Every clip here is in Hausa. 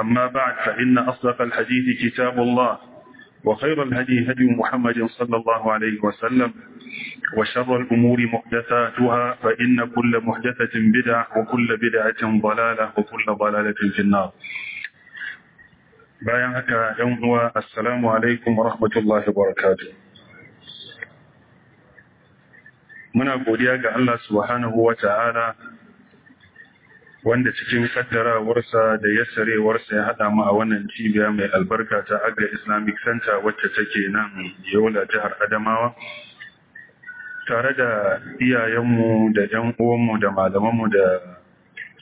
أما بعد فإن أصدق الحديث كتاب الله وخير الهدي هدي محمد صلى الله عليه وسلم وشر الأمور محدثاتها فإن كل محدثة بدعة وكل بدعة ضلالة وكل ضلالة في النار bayan haka ‘yan السلام عليكم ورحمة الله وبركاته من أقول godiya ga Allah subhanahu wanda cikin kaddarawarsa da yassarewarsa ya haɗa mu a wannan cibiya mai albarka ta Agri Islamic Center wacce take nan Yola jihar Adamawa tare da iyayenmu da ƴan uwanmu da malamanmu da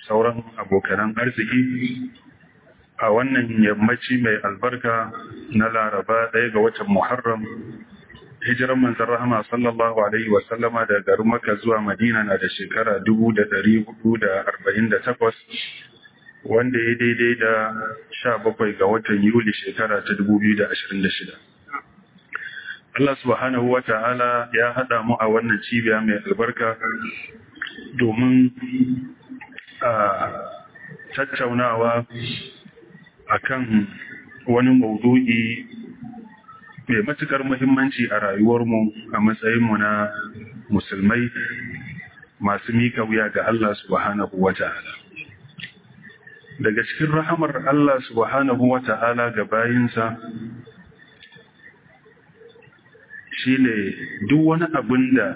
sauran abokanan arziki a wannan yammaci mai albarka na Laraba ɗaya ga watan Muharram hijiran manzan rahama sallallahu alaihi wa sallama da garin zuwa Madina na da shekara 1448 wanda ya daidai da sha 17 ga watan Yuli shekara ta 2026 Allah subhanahu wa ta'ala ya haɗa mu a wannan cibiya mai albarka domin a tattaunawa akan wani maudu'i mai matukar muhimmanci a rayuwarmu a matsayinmu na musulmai masu mika wuya ga Allah subhanahu wa ta'ala. Daga cikin rahamar Allah subhanahu wa ta'ala ga bayinsa shi ne duk wani abin da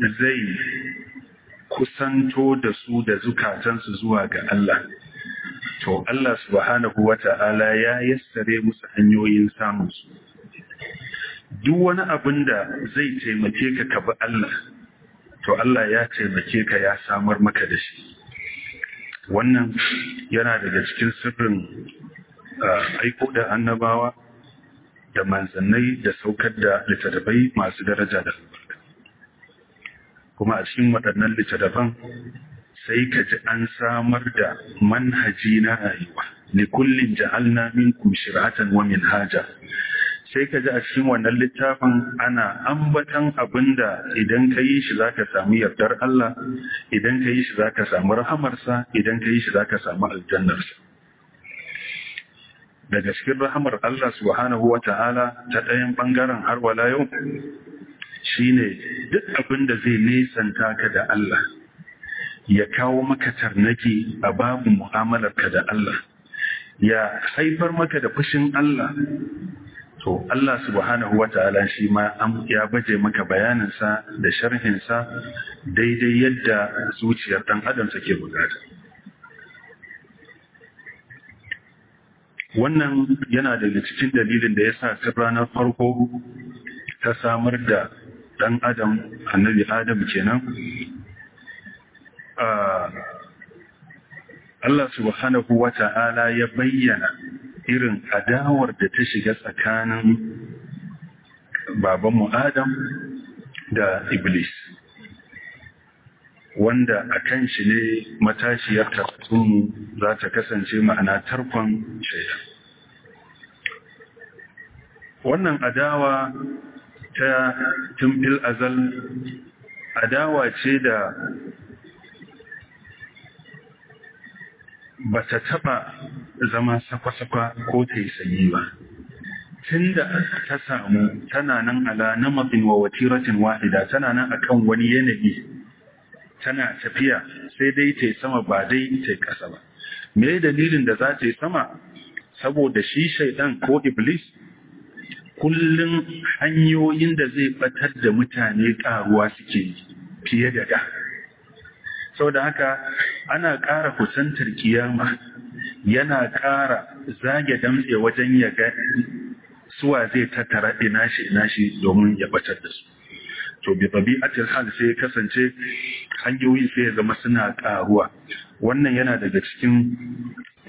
zai kusanto da su da zukatansu zuwa ga Allah. To, Allah subhanahu wa ta'ala ya yassare musu hanyoyin samun su. duk wani abin da zai taimake ka ka bi Allah to Allah ya taimake ka ya samar maka da shi wannan yana daga cikin sirrin ah, aiko da annabawa da manzannai da saukar da littattafai masu daraja da albarka kuma a cikin waɗannan littattafan sai ka ji an samar da manhaji na rayuwa likullin ja'alna minkum shir'atan wa minhaja sai ka ji a cikin wannan littafin ana ambatan abinda idan ka yi shi zaka samu yardar Allah idan ka yi shi zaka samu rahamarsa idan ka yi shi zaka samu aljannarsa daga cikin rahamar Allah subhanahu ta'ala ta ɗayan ɓangaren har wala yau shine duk abinda zai nesanta ka da Allah ya kawo maka tarnaki a babu mu'amalarka da Allah ya haifar maka da fushin Allah To Allah subhanahu wa ta'ala shi ma ya baje maka bayanin sa da sharhin sa daidai yadda zuciyar ɗan adam take bukata. Wannan yana daga cikin dalilin da yasa sa ta ranar farko ta samar da ɗan adam annabi Adam kenan. Ah, Allah subhanahu wa ta'ala ya bayyana irin adawar da ta shiga tsakanin babanmu Adam da Iblis wanda a kan shi ne matashiyar tattunu za ta kasance ma'ana tarkon shaida. Wannan adawa ta tumfil azal adawa ce da ba ta taɓa zama sakwa ko ta yi sanyi ba. Tun da ta samu tana nan ala na mafin wa watiratin wahida tana nan akan wani yanayi tana tafiya sai dai ta sama ba dai ta ƙasa ba. Me dalilin da za ta yi sama saboda shi shaidan ko iblis kullum hanyoyin da zai batar da mutane ƙaruwa suke fiye da da. saboda haka ana ƙara kusantar kiyama yana ƙara zage damtse wajen ya ga suwa zai tattara ina shi ina shi domin ya batar da su to bi tabi'atil hal sai kasance hanyoyi sai ya zama suna ƙaruwa wannan yana daga cikin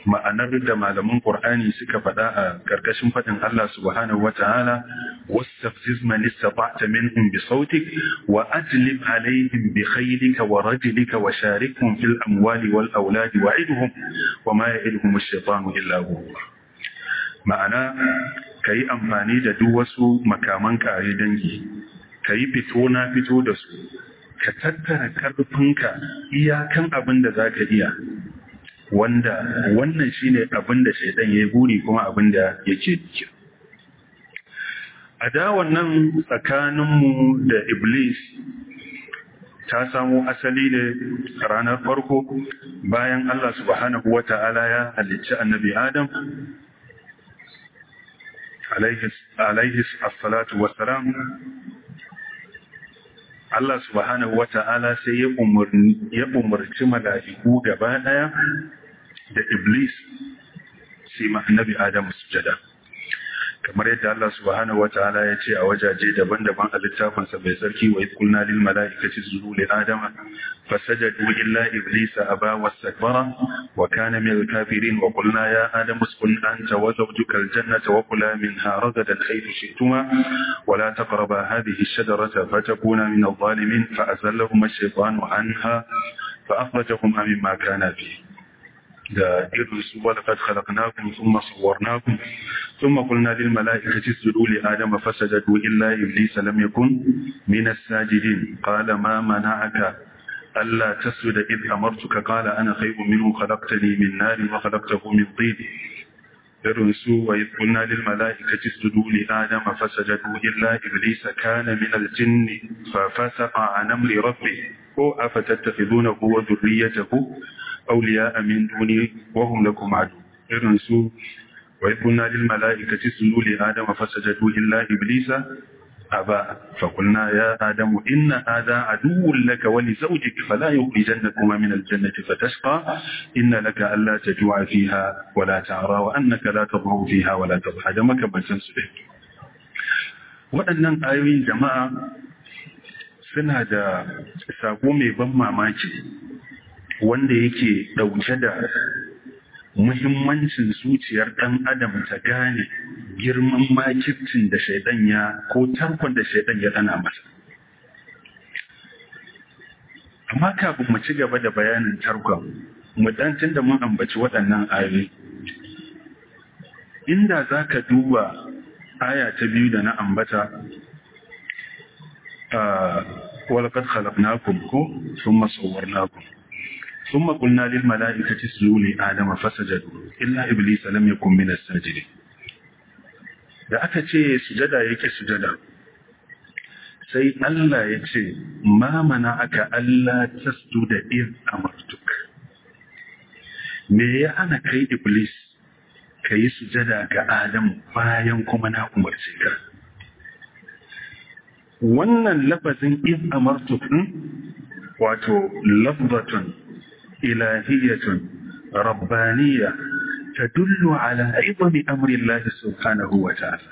ma'anar da malaman Qur'ani suka faɗa a ƙarƙashin faɗin Allah subhanahu wata'ala wastafiz man istata'ta minhum bi sautik wa ajlib alaihim bi khaylika wa rajlika wa sharikhum fil amwali wal auladi wa idhum wa ma ya'iduhum ash-shaytanu illa ma'ana kayi amfani da duk wasu makaman kare dangi kayi fito na fito da su ka tattara karfinka iyakan abin da za ka iya wanda wannan shi ne abin da shaidan ya yi kuma abin da ya a adawan nan tsakaninmu da iblis ta samo asali ne ranar farko bayan Allah subhanahu wa ta'ala ya halicci annabi Adam alaihi salatu wassalam Allah subhanahu wa ta'ala sai ya umarci mala'iku gaba ɗaya da Iblis sai ma annabi Adamu sujada. kamar yadda Allah subhanahu wataala ya ce a wajaje daban-daban a littafin sa mai sarki wa yakulna lil mala'ikati isjudu li adama fasajadu illa iblisa aba wastakbara wa kana min al-kafirin wa qulna ya adamu uskun anta wa zawjuka al-jannata wa kula minha ragadan haythu shi'tuma wa la taqraba hadhihi ash-shajarata fatakuna min adh-dhalimin fa azallahuma ash-shaytanu anha fa akhrajahum mimma kana fihi جلسوا ولقد خلقناكم ثم صورناكم ثم قلنا للملائكة اسجدوا لآدم فسجدوا إلا إبليس لم يكن من الساجدين قال ما منعك ألا تسجد إذ أمرتك قال أنا خير منه خلقتني من نار وخلقته من طين إرنسوا وإذ قلنا للملائكة اسجدوا لآدم فسجدوا إلا إبليس كان من الجن ففسق عن أمر ربه أفتتخذونه وذريته أولياء من دوني وهم لكم عدو إذن سوء وإذ قلنا للملائكة اسجدوا لآدم فسجدوا إلا إبليس أبى فقلنا يا آدم إن هذا عدو لك ولزوجك فلا يخرجنكما من الجنة فتشقى إن لك ألا تجوع فيها ولا تعرى وأنك لا تضر فيها ولا تضحى دمك بل تنسبه waɗannan ayoyin jama'a suna da sako mai ban mamaki wanda yake ɗauke da muhimmancin zuciyar ɗan adam ta gane girman makircin da shaidan ya ko tarkon da shaidan ya ɗana masa amma kafin mu ci gaba da bayanin tarkon mu ɗan da mun ambaci waɗannan ayoyi inda za ka duba aya ta biyu da na ambata walƙad khalaqnakum ko sun thumma sawwarnakum ثم قلنا للملائكة اسجدوا لآدم فسجدوا إلا إبليس لم يكن من الساجدين da aka ce sujada yake sujada sai Allah ya ce ma mana aka Allah da iz amartuk me ya ana kai iblis yi sujada ga Adam bayan kuma na umarce ka wannan lafazin iz amartuk wato lafzatun ilahiyatun rabbaniya tadullu ala aibami amrin lahi subhanahu wa ta'ala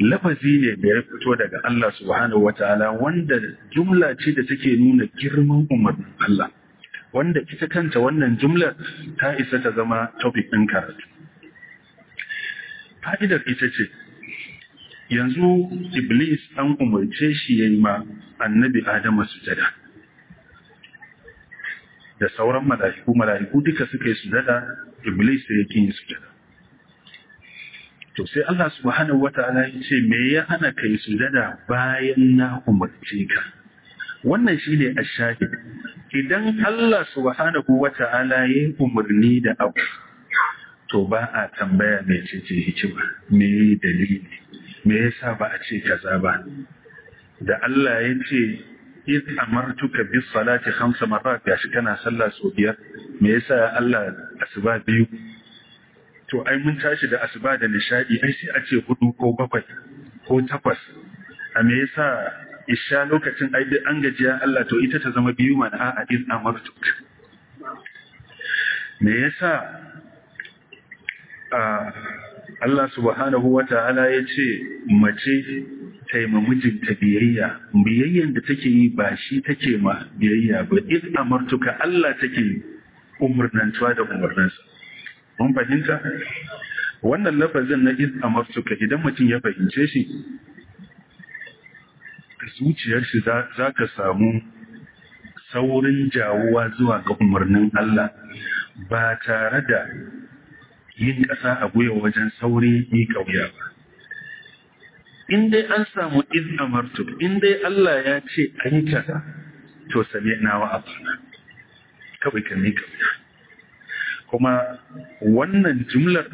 lafazi ne da ya fito daga Allah subhanahu wa wanda jumla ce da take nuna girman umarnin Allah wanda ita kanta wannan jumlar ta isa ta zama topic ɗin karatu fa'idar ita ce yanzu iblis an umarce shi ya yi ma annabi adama sujada da sauran mala'iku mala'iku duka suka yi sujada iblis sai yake yin sujada to sai Allah subhanahu wataala ya ce me ya hana ka yi sujada bayan na umarce ka wannan shine ashahid idan Allah subhanahu wataala ya umarni da abu to ba a tambaya mai ce ce hikima me dalili me yasa ba a ce kaza ba da Allah ya ce iz amartuka bis salati khamsa marrat gashi kana sallah sau biyar me yasa Allah asuba biyu to ai mun tashi da asuba da nishadi ai sai a ce hudu ko bakwai ko takwas a me yasa isha lokacin ai duk an gajiya Allah to ita ta zama biyu mana a'a iz amartuka me yasa a Allah subhanahu wa ta'ala ya ce mace taima mijinta biyayya biyayyan da take yi ba shi take ma biyayya ba in amartuka Allah take umarnantuwa da umarnansa. mun fahimta wannan lafazin na in amartuka idan mutum ya fahimce shi Ka zuciyar shi za ka samu saurin jawuwa zuwa ga umarnin Allah ba tare da yin ƙasa a guya wajen sauri yi ƙauya ba. In dai an samu izna martu, in dai Allah ya ce an kaza, to sami na wa abana, kawai ka mi ƙauya. Kuma wannan jumlar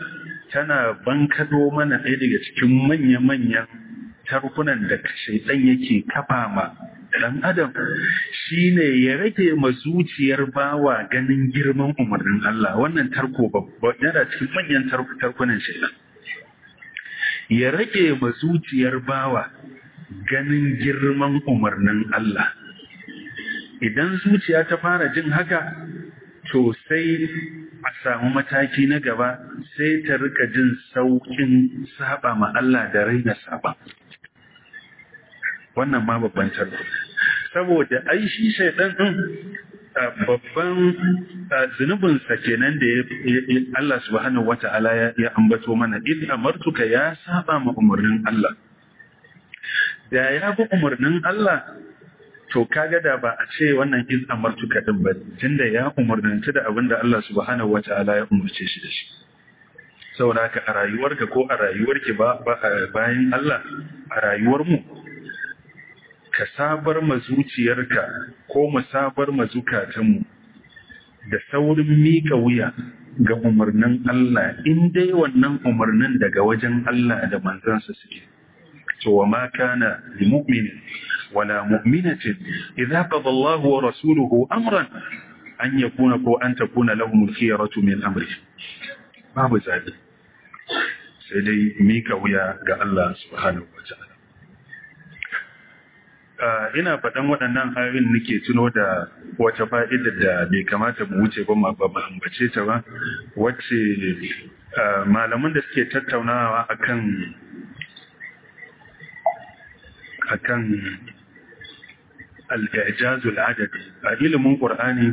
tana bankado mana ɗaya daga cikin manya-manyan tarkunan da shaidan yake kafa ma ɗan adam shine ya rage ma zuciyar bawa ganin girman umarnin Allah wannan tarko babba yana cikin manyan tarkunan shaitan ya rage ma zuciyar bawa ganin girman umarnin Allah idan zuciya ta fara jin haka to sai a samu mataki na gaba sai ta rika jin saukin saba ma Allah da raina saba wannan ma babban tarko saboda ai shi shaidan din babban zunubinsa kenan da Allah subhanahu wata'ala ya ambato mana idan amartuka ya saba ma umarnin Allah da ya bi umarnin Allah to kaga da ba a ce wannan in amartuka din ba tunda ya umarnanta da abin da Allah subhanahu wata'ala ya umarce shi da shi saboda haka a rayuwarka ko a rayuwarki ba bayan Allah a rayuwar mu ka sabar ma zuciyarka ko mu sabar ma zukatanmu da saurin miƙa wuya ga umarnin Allah in dai wannan umarnin daga wajen Allah da manzansa suke to wa ma kana li wala mu'minatin idza qada Allahu wa rasuluhu amran an kuna ko an ta kuna al-khiyaratu min amri babu zabi sai dai mika wuya ga Allah subhanahu wa ta'ala Ah, ina faɗan waɗannan hayoyin nake tuno da wata fa'idar da bai kamata mu wuce ba ba ambace ta ba wacce ah, malaman da suke tattaunawa akan akan al adadi a ilimin ƙur'ani,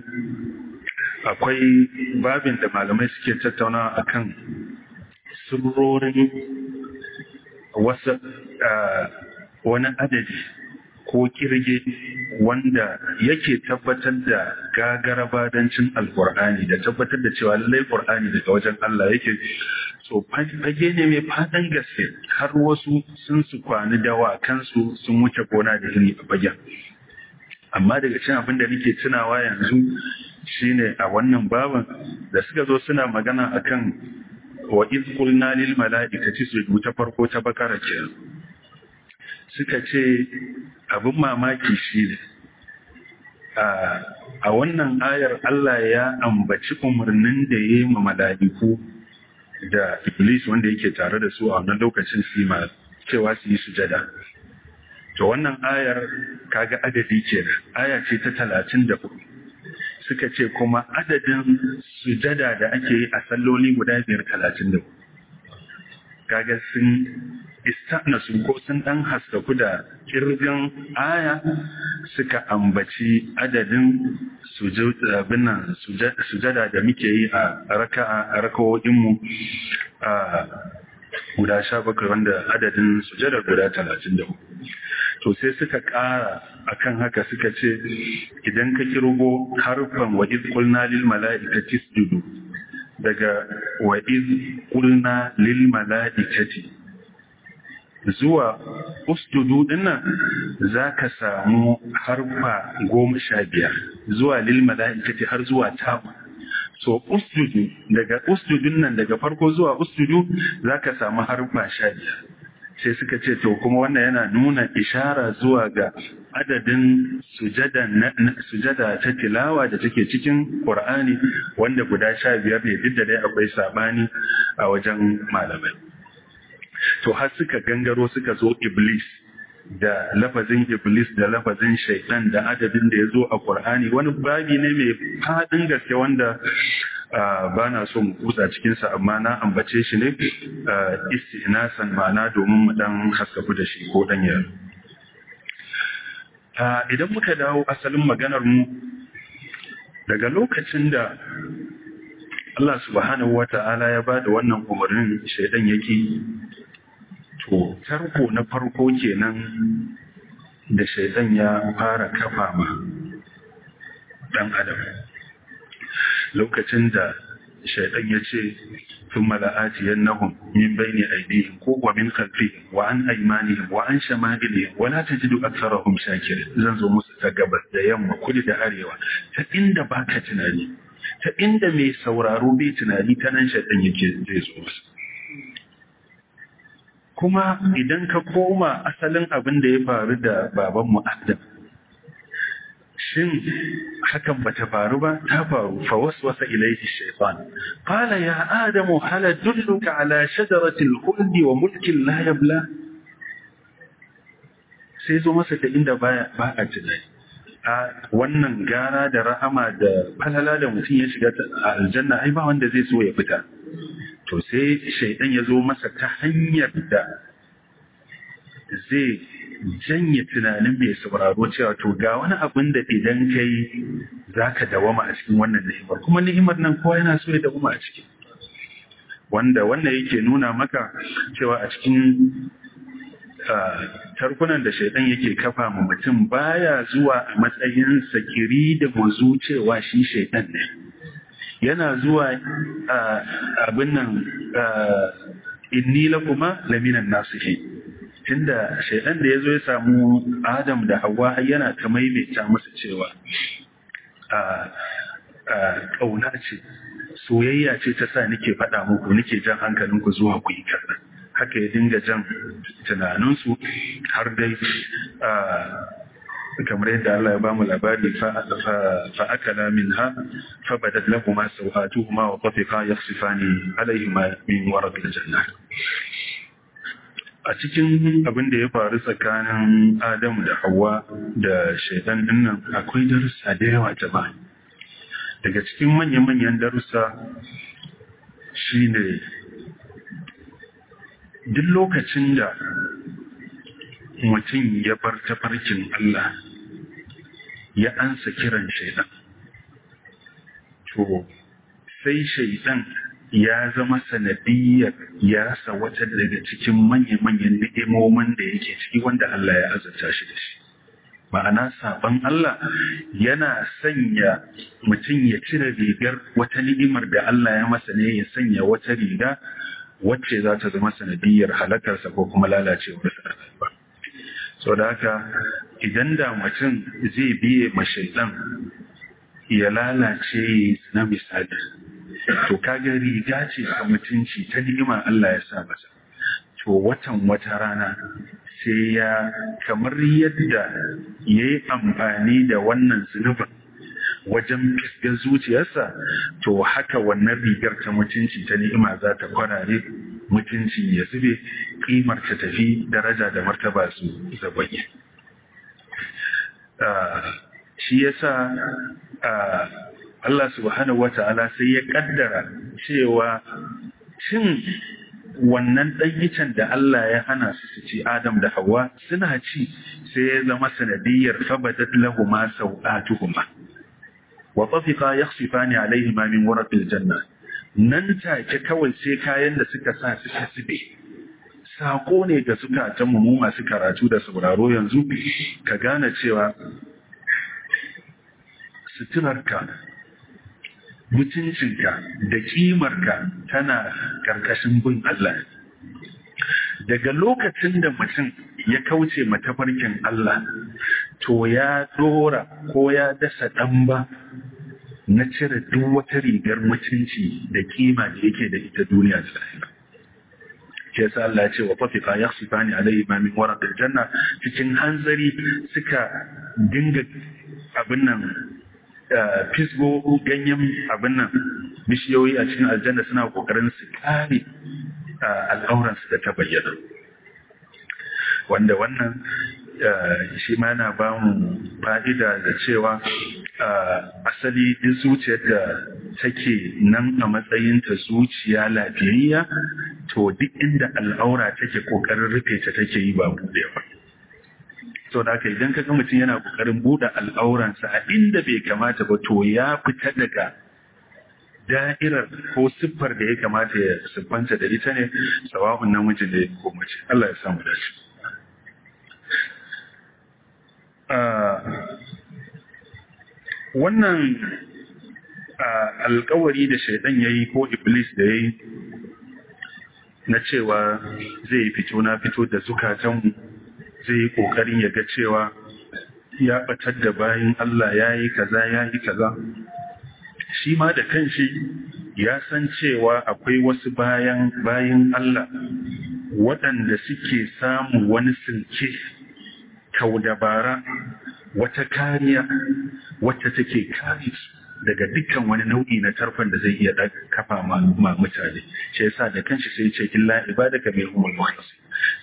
akwai babin da malamai suke tattaunawa akan sirrorin wasu ah, wani adadi ko kirge wanda yake tabbatar da badancin alkur'ani da tabbatar da cewa lallai alkur'ani daga wajen Allah yake so fage ne mai fadan gaske har wasu sun su kwani kansu sun wuce gona da hiri a fagen amma daga cin abin da nake tunawa yanzu shine a wannan baban da suka zo suna magana akan wa iz qulna lil mala'ikati sujudu ta farko ta bakara kenan suka ce abin mamaki shi ne a wannan ayar Allah ya ambaci umarnin da ya yi ma mala'iku da Iblis wanda yake tare da su a wannan lokacin su ma cewa su yi sujada. To wannan ayar kaga adadi ce aya ce ta talatin da hudu. Suka ce kuma adadin sujada da ake yi a salloli guda biyar talatin da hudu. Kaga sun istanasu ko sun dan haskaku da kirgin aya suka ambaci adadin sujada da muke yi a rakawoyinmu a guda sha bakwai wanda adadin sujada guda talatin da hudu to sai suka ƙara akan haka suka ce idan ka kirgo harfan wa izkulna lil mala'ikati isjudu daga wa'iz kulna lil mala'ikati zuwa usdudu dinnan za ka samu harfa goma sha biyar zuwa lil har zuwa tabu so usdudu daga usdudun nan daga farko zuwa usdudu za ka samu harfa sha biyar sai suka ce to kuma wannan yana nuna ishara zuwa ga adadin sujada ta tilawa da take cikin ƙur'ani, wanda guda sha biyar ne duk da dai akwai sabani a wajen malamai to har suka gangaro suka zo iblis da lafazin iblis da lafazin shaitan da adadin da ya zo a Kur'ani wani babi ne mai faɗin gaske wanda ba na so mu kusa cikinsa amma na ambace shi ne san mana domin mu ɗan haskafu da shi ko dan yaro idan muka dawo asalin maganar mu daga lokacin da Allah subhanahu ta'ala ya bada da wannan umarnin shaidan yake to tarko na farko kenan da shaidan ya fara kafa ma ɗan adam lokacin da shaidan ya ce sun mala'ati nahun, min ne aidihim ko wa min khalfihim wa an aymanihim wa an shama'ilihim ta ji tajidu aktharahum shakir, zan zo musu ta gabas da yamma kudi da arewa ta inda baka tunani ta inda mai sauraro bai tunani ta nan shaidan yake zai zo musu kuma idan ka koma asalin abin da ya faru da baban mu'addam shin hakan bata faru ba ta faru fa waswasa ilayhi shaytan qala ya adamu hal adulluka ala shajarati al-khuldi wa mulkin la yabla sai zo masa da inda baya ba a tunani a wannan gara da rahama da falala da mutum ya shiga aljanna ai ba wanda zai so ya fita to sai shaidan ya zo masa ta hanyar da zai janye tunanin mai sauraro cewa to ga wani abin da idan kai za ka dawama a cikin wannan ni'imar kuma ni'imar nan kowa yana so ya dawama a ciki wanda wannan yake nuna maka cewa a cikin tarkunan da shaidan yake kafa ma mutum baya zuwa a matsayin sakiri da mazu cewa shi shaidan ne yana zuwa abin nan inni kuma laminan nasihi inda shaidan da yazo ya samu Adam da Hauwa yana ta maimaita masa cewa a ce soyayya ce ta sa nake faɗa muku nake jan hankalinku zuwa ku yi haka ya dinga jan tunaninsu har dai kamar yadda Allah ya bamu labari fa akala minha fa badat lahuma sawatuhuma wa tafiqa yakhsifani alayhima min warqil janna a cikin abin da ya faru tsakanin Adamu da Hawwa da shaidan nan akwai darussa da yawa ta ba, daga cikin manya-manyan darussa shine duk lokacin da mutum ya bar tafarkin Allah ya ansa kiran shaidan to sai shaidan ya zama sanadiyar ya sa wata daga cikin manya-manyan ni'imomin da yake ciki wanda Allah ya azurta shi da shi ma'ana saban Allah yana sanya mutum ya cire rigar wata ni'imar da Allah ya masa ne ya sanya wata riga wacce za ta zama sanadiyar halakarsa ko kuma lalacewar ba. So da haka idan da mutum zai biye mashaidan ya lalace na misali to kaga riga ce ta mutunci ta ni'ima Allah ya sa masa to watan wata rana sai ya kamar yadda ya yi amfani da wannan zunubin wajen fisgar zuciyarsa to haka wannan rigar ta mutunci ta ni'ima za ta kwarare mutunci ya zube kimar ta tafi daraja da martaba su zabayi Ah, shi yasa ah, Allah subhanahu Ta'ala sai ya kaddara cewa cin wannan ɗanyicen da Allah ya hana su su ci Adam da Hawwa suna ci sai ya zama sanadiyar fabadat lahuma sau'atuhuma wa tafiqa yakhsifani alaihima min warqil janna nan take kawai sai kayan da suka sa suka zube sako ne ga zukatan mu masu karatu da sauraro yanzu ka gane cewa suturarka mutuncinka da kimarka tana karkashin bin Allah daga lokacin da mutum ya kauce matafarkin Allah to ya dora ko ya dasa ɗamba na cire duk wata rigar mutunci da kima da yake da ita duniya ta ya sa Allah ya ce wa fatifa yakhsifani alayhi ma min waraqil janna cikin hanzari suka dinga abin nan eh, fisgo ganyen abin nan bishiyoyi a cikin aljanna suna kokarin su kare eh, al'auransu da ta bayyana wanda wannan eh, shi ma yana ba mu fa'ida da cewa asali din zuciyar da take nan a matsayin ta zuciya lafiyayya to duk inda al'aura take kokarin rufe ta take yi ba bude ba to da kai, idan kaga mutum yana kokarin bude al'auransa a inda bai kamata ba to ya fita daga da'irar ko siffar da ya kamata ya siffanta da ita ne sawa'un namiji ne ko mace Allah ya samu dace ah, wannan ah, alkawari da shaidan ya yi ko iblis da ya yi na cewa zai yi fito na fito da zukatanmu zai yi ƙoƙarin ya ga cewa ya ɓatar da bayan Allah ya yi kaza ya yi kaza shi ma da kanshi ya san cewa akwai wasu bayan bayan Allah waɗanda suke samun wani sinke kau dabara wata kariya wata take kare daga dukkan wani nau'i na tarfan da zai iya kafa ma mutane shi yasa da kanshi sai ce illa ibadaka mai humul mukhlas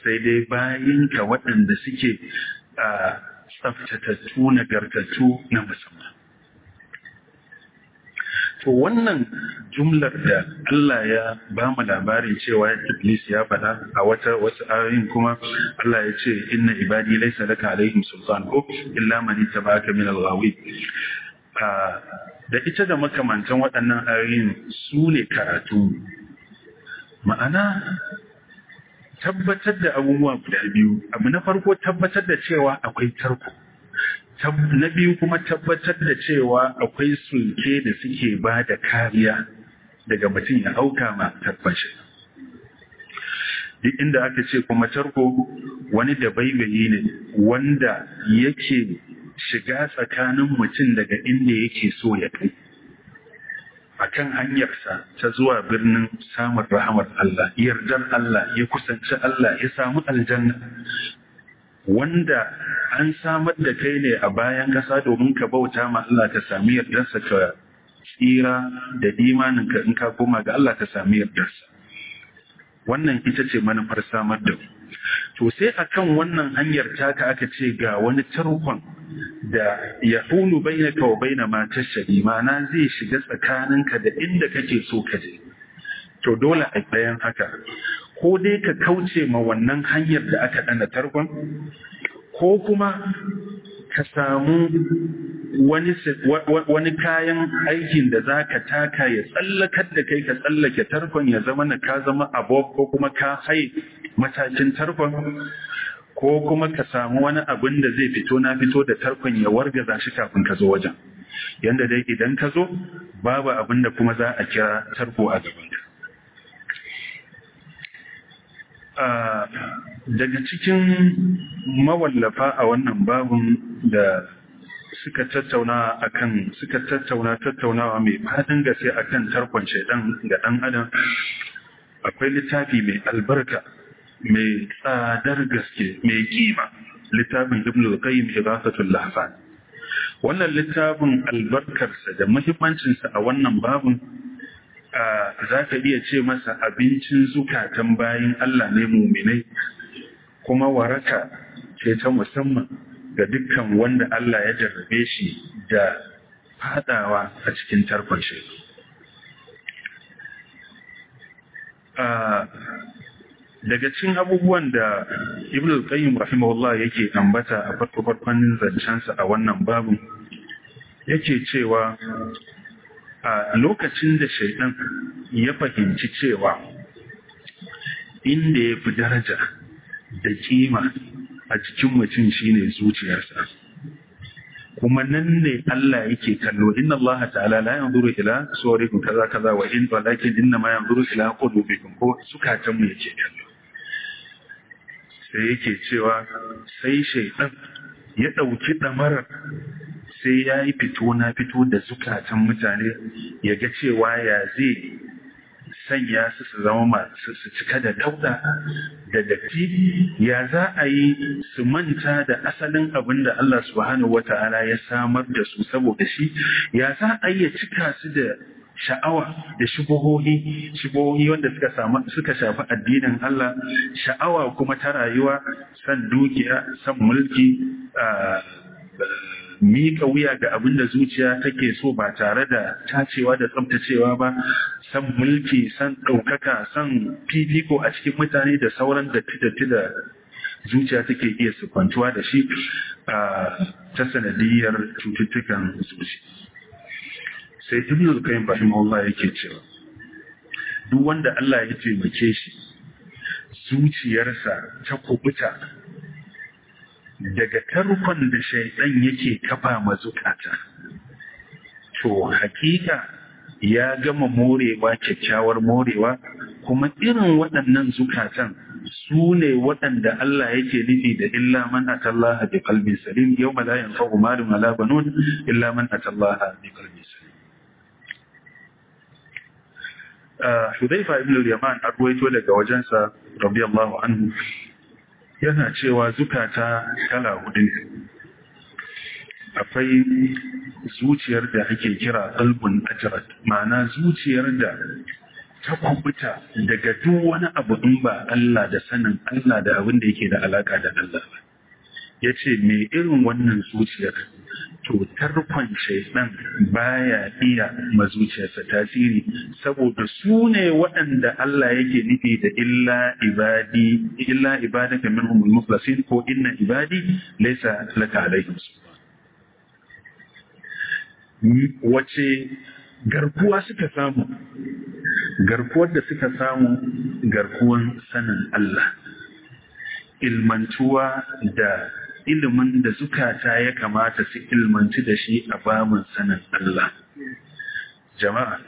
sai dai ka waɗanda suke a tsaftatattu nagartattu na musamman to wannan jumlar da Allah ya ba mu labarin cewa Iblis ya faɗa a wata wasu ayoyin kuma Allah ya ce inna ibadi laysa laka alaihim sultan ko illa man ittaba'aka min al da ita da makamantan waɗannan ayoyin su ne karatu ma'ana tabbatar da abubuwa guda biyu abu na farko tabbatar da cewa akwai tarko na biyu kuma tabbatar da cewa akwai sulke da suke ba da kariya daga mutum ya auka ma tabbashi duk inda aka ce kuma tarko wani da baibayi ne wanda yake shiga tsakanin mutum daga inda yake so ya kai a kan hanyarsa ta zuwa birnin samun rahamar Allah yardar Allah ya kusanci Allah ya samu aljanna wanda an samar da kai ne a bayan kasa domin ka bauta ma Allah ka sami yardarsa ka tsira da ka, in ka koma ga Allah ka sami yardarsa wannan ita ce manufar samar da mu to sai akan wannan hanyar taka aka ce ga wani tarkon da ya hulu bainaka wa baina ma tashari ma'ana zai shiga tsakaninka da inda kake so ka je to dole a bayan haka ko dai ka kauce ma wannan hanyar da aka ɗana tarkon ko kuma ka samu wani, wani kayan aikin da zaka taka ya tsallakar da kai ka tsallake tarkon ya zama na ka zama abok ko kuma ka haye matakin tarkon ko kuma ka samu wani abin da zai fito na fito da tarkon ya warga za shi kafin ka zo wajen yadda dai idan ka zo babu abin da kuma za a kira tarko a gaban ka daga cikin mawallafa a wannan babun da suka tattauna akan suka tattauna tattaunawa mai fadin gaske akan tarkon shaidan ga dan adam akwai littafi mai albarka mai tsadar gaske mai kima littafin ibn al-qayyim igasatul lahfan wannan littafin albarkarsa da muhimmancinsa a wannan babun za ka iya ce masa abincin zukatan bayan Allah ne muminai kuma waraka ce ta musamman ga dukkan wanda Allah ya jarrabe shi da fadawa a cikin tarkon shi. daga cikin abubuwan da ibn al-qayyim rahimahullah yake ambata a farko farkon zancensa a wannan babu yake cewa a lokacin da shaidan ya fahimci cewa inda ya fi daraja da kima a cikin mutum shine zuciyarsa kuma nan ne Allah yake kallo inna Allah ta'ala la yanzuru ila suwarikum kaza kaza wa in walakin inna ma yanzuru ila qulubikum ko sukatan mu yake kallo da yake cewa sai shaidan ya ɗauki ɗamarar sai ya yi fito na fito da zukatan mutane ya ga cewa ya zai sanya su su zama masu su cika da dauda da datti ya za a yi su manta da asalin abin da Allah subhanahu ta'ala ya samar da su saboda shi ya za a yi cika su da sha'awa da shubuhohi shubuhohi wanda suka samu suka shafi addinin Allah sha'awa kuma ta rayuwa san dukiya san mulki a mika wuya ga abin da zuciya take so ba tare da tacewa da tsabtacewa ba san mulki san ɗaukaka san fifiko a cikin mutane da sauran da datti da zuciya take iya kwantuwa da shi ta sanadiyar cututtukan zuciya sai ibn al-qayyim rahimahullah yake cewa duk wanda Allah ya taimake shi zuciyarsa ta kubuta daga tarkon da shaidan yake kafa mazukata to hakika ya gama morewa kyakkyawar morewa kuma irin waɗannan zukatan su ne waɗanda Allah yake nufi da illa man atallaha bi qalbin salim yawma la yanfa'u malun wala banun illa man atallaha bi qalbin Hudhaifa ibn al-Yaman arwaito daga wajensa radiyallahu anhu yana cewa zukata kala hudu ne akwai zuciyar da ake kira qalbun ajrat ma'ana zuciyar da ta kubuta daga duk wani abu in ba Allah da sanin Allah da abin da yake da alaka da Allah ba yace me irin wannan zuciyar cutar kwanshesan baya iya mazuciyarsa tasiri saboda su ne waɗanda Allah yake nufi da illa ibadi illa ibadaka minhum al-mukhlasin ko inna ibadi laysa laka alaihim wace garkuwa suka samu garkuwar da suka samu garkuwan sanin Allah ilmantuwa da ilimin da zukata ya kamata su ilmanci da shi a bamun sanin Allah. Jama'a,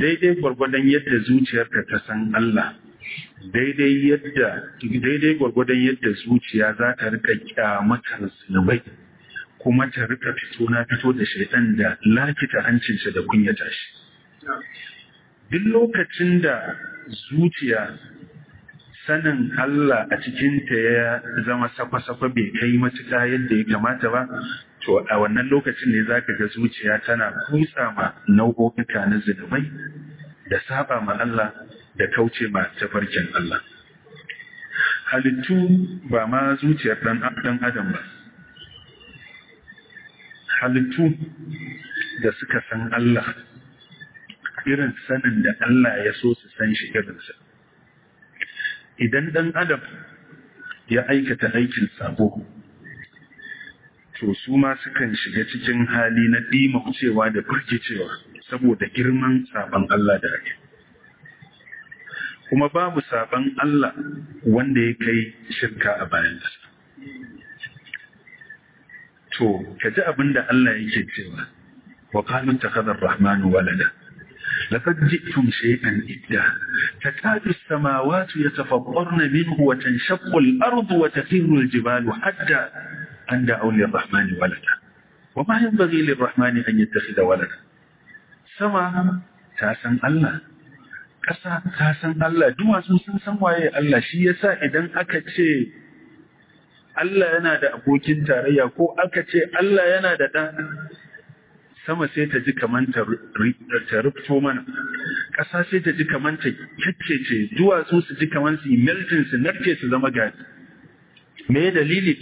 daidai gwargwadon yadda zuciyarka ta san Allah, daidai gwargwadon yadda zuciya za ta rika kyamatar zunubai kuma ta rika fito na fito da shaitan da lakita hancinsa da kunyata shi. Duk lokacin da zuciya sanin Allah a cikinta ya zama sakwa-sakwa bai kai matuƙa yadda ya kamata ba, to a wannan lokacin ne za ka ga zuciya tana kutsa ma nau'o'uka na zunubai da saba ma Allah da kauce ma tafarkin Allah. Halittu ba ma zuciyar ɗan adam ba. Halittu da suka san Allah, irin sanin da Allah ya so su san shi irinsa. idan ɗan adam ya aikata aikin sabo to su ma sukan shiga cikin hali na ɗimaucewa da firgicewa saboda girman sabon Allah da ake kuma babu sabon Allah wanda ya kai shirka a bayan to ka ji abin da Allah yake cewa wa qalu takhadha ar-rahmanu walada لقد جئتم شيئا إدا تكاد السماوات يتفطرن منه وتنشق الأرض وتخر الجبال حتى أن دعوا للرحمن ولدا وما ينبغي للرحمن أن يتخذ ولدا سما تاسا الله كسا تاسا الله دوا سنسا وعي الله waye إذا shi yasa idan aka ce Allah yana da abokin tarayya ko Allah yana da sama sai ta ji kaman ta rufto mana ƙasa sai ta ji kaman ta kyakkece duwatsu su ji kaman su melting su narke su zama gari me dalili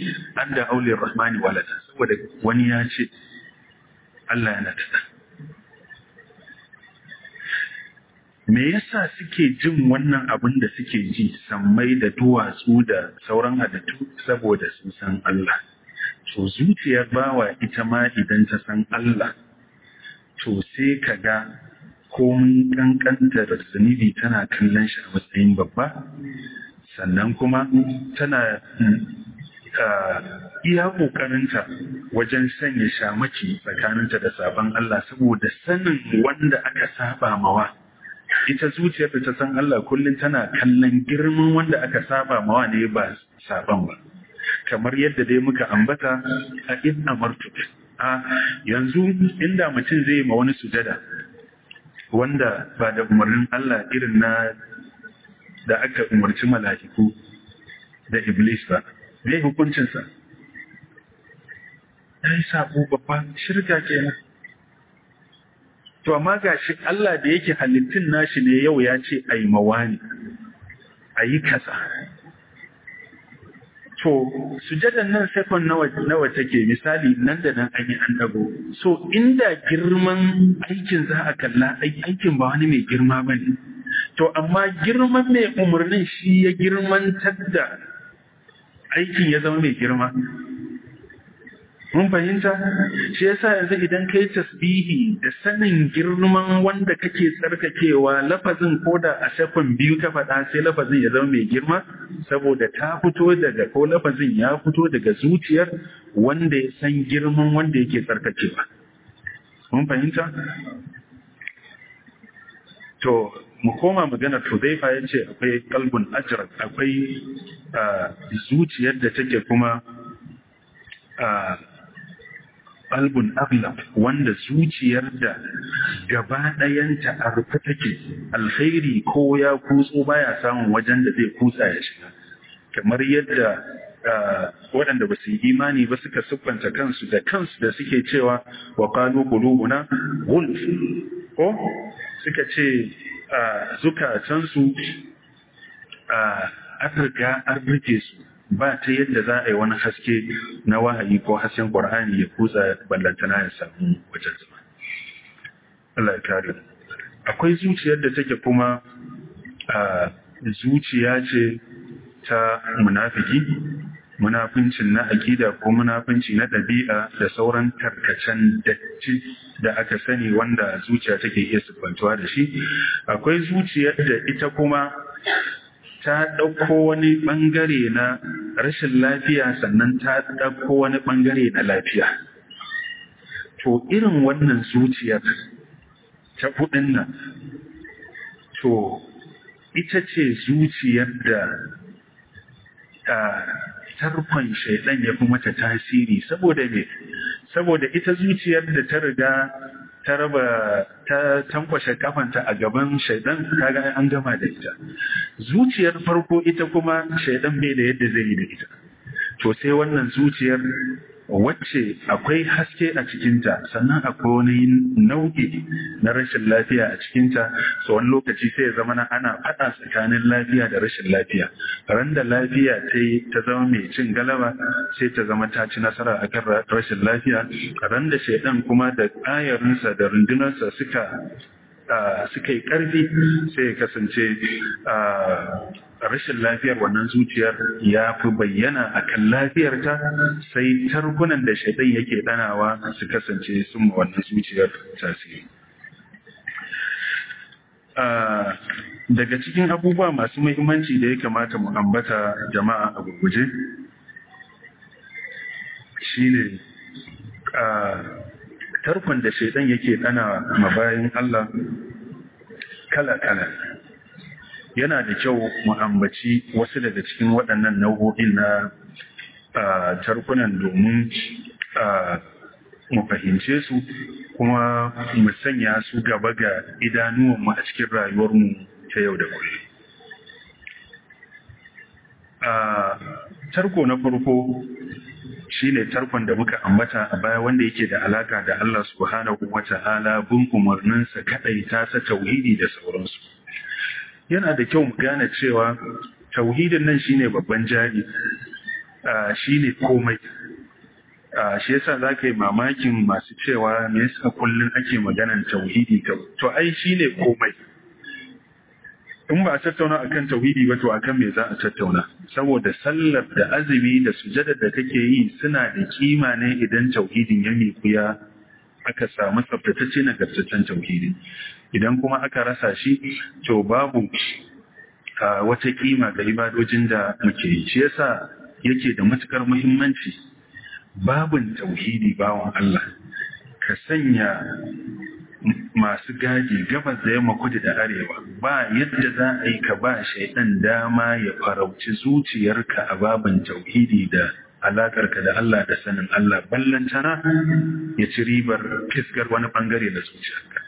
an da aure rahmani walata saboda wani ya ce Allah yana ta me yasa suke jin wannan abin da suke ji sammai da duwatsu da sauran halittu saboda sun san Allah to zuciyar bawa ita ma idan ta san Allah to sai ka ga komin ƙanƙanta da zunubi tana kallon shi a matsayin babba sannan kuma tana mm, iya ƙoƙarinta wajen sanya shamaki tsakaninta da sabon Allah saboda sanin wanda aka saba mawa ita zuciyar da ta san Allah kullum tana kallon girman wanda aka saba mawa ne ba saban ba kamar yadda dai muka ambata a in amartu a yanzu inda mutum zai ma wani sujada wanda ba da umarnin Allah irin na da aka umarci mala'iku da iblis ba me hukuncinsa ya yi sabo babba shirka nan. to amma gashi Allah da yake halittun nashi ne yau ya ce ai mawani ayi kaza to sujadan nan sekon nawa nawa take misali nan da nan an yi an dago so inda girman aikin za a kalla aikin ba wani mai girma bane to amma girman mai umarnin shi ya girmantar da aikin ya zama mai girma mun fahimta shi yasa yanzu idan kai tasbihi da sanin girman wanda kake tsarkakewa lafazin ko da a shafin biyu ka faɗa sai lafazin ya zama mai girma saboda ta fito daga ko lafazin ya fito daga zuciyar wanda ya san girman wanda yake tsarkakewa mun fahimta to mu koma magana zai ya ce akwai kalbun ajrak akwai ah, zuciyar da take kuma ah, qalbun aghlab wanda zuciyar da gaba dayanta a rufe take alkhairi ko ya kutso baya samun wajen da zai kutsa ya shiga kamar yadda ah, waɗanda ba su yi imani ba suka siffanta kansu da kansu da suke cewa wa qalu qulubuna gulf ko suka ce ah, zukatansu a ah, Afirka an rike su ba ta yadda za a yi wani haske na wahayi ko hasken ƙwar'ani ya kutsa ballantana ya samu wajen zama. Allah ya kare. Akwai zuciyar da take kuma a zuciya ce ta munafiki, munafincin na akida ko munafinci na ɗabi'a da sauran tarkacen datti da aka sani wanda zuciya take iya siffantuwa da shi. Akwai zuciyar da ita kuma ta ɗauko wani ɓangare na rashin lafiya sannan ta ɗauko wani ɓangare na lafiya. To irin wannan zuciyar ta kuɗin nan, to ita ce zuciyar da a tarkon shaidan ya fi mata tasiri saboda ne, saboda ita zuciyar da ta riga ta raba ta tankwashe kafanta a gaban shaidan ga an gama da ita zuciyar farko ita kuma shaidan bai da yadda zai yi da ita to sai wannan zuciyar wacce akwai haske a cikinta sannan akwai wani nau'i na rashin lafiya a cikinta so wani lokaci sai ya zama na ana faɗa tsakanin lafiya da rashin lafiya ran da lafiya ta yi ta zama mai cin galaba sai ta zama ta ci nasara a kan rashin lafiya ran da shaidan kuma da ayarinsa da rundunarsa suka ah, suka yi ƙarfi sai ya kasance ah, rashin lafiyar wannan zuciyar ya fi bayyana a kan lafiyarta sai tarkunan da shaidan yake ɗanawa su kasance sun wannan zuciyar tasiri. Daga cikin abubuwa masu muhimmanci da ya kamata mu ambata jama'a a gurguje shi ne tarkon da shaidan yake ma mabayin Allah kala-kala yana da kyau mu ambaci wasu daga cikin waɗannan nau'o'in na tarkunan domin mu fahimce su kuma mu sanya su gaba ga idanuwanmu a cikin rayuwarmu ta yau da kullum. Tarko na farko shi ne tarkon da muka ambata a baya wanda yake da alaka da Allah subhanahu wa ta'ala bin umarninsa kaɗai ta tauhidi da sauransu. yana da kyau mu gane cewa tauhidin nan shine babban jari shine komai shi yasa za ka yi mamakin masu cewa me yasa kullum ake maganan tauhidi to ai shine komai in ba a tattauna akan tauhidi ba to akan me za a tattauna saboda sallar da azumi da sujada da kake yi suna da kima ne idan tauhidin ya mikuya aka samu tsaftatacce nagartaccen tauhidi idan kuma aka rasa shi to babu wata kima ga ibadojin da muke yi shi yasa yake da matukar muhimmanci babin tauhidi bawan Allah ka sanya masu gaji gabas da yamma kudu da arewa ba yadda za a yi ka ba shaidan dama ya farauci zuciyarka a babin tauhidi da alakarka da Allah da sanin Allah ballantana ya ci ribar fiskar wani bangare da zuciyarka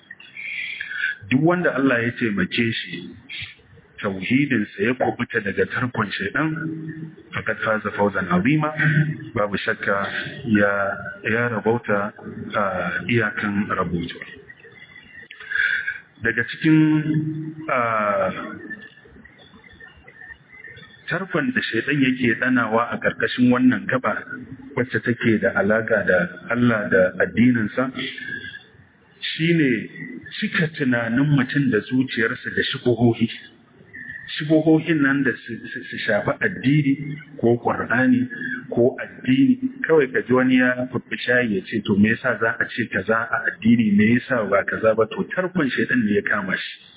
duk wanda Allah ya taimake shi tauhidinsa ya kubuta daga tarkon shaidan fakat faza fauzan azima babu shakka ya ya rabauta iyakan rabuwa daga cikin tarkon da shaidan yake danawa a karkashin wannan gaba wacce take da alaka da Allah da addininsa Shi ne cika tunanin mutum da zuciyarsa da shigohohi shigohohin nan da su shafi addini ko ƙwar'ani ko addini kawai ka ji wani ya shayi ya ce to me yasa za a ce kaza a addini me yasa ba kaza ba to tarkon shaidan ne ya kama shi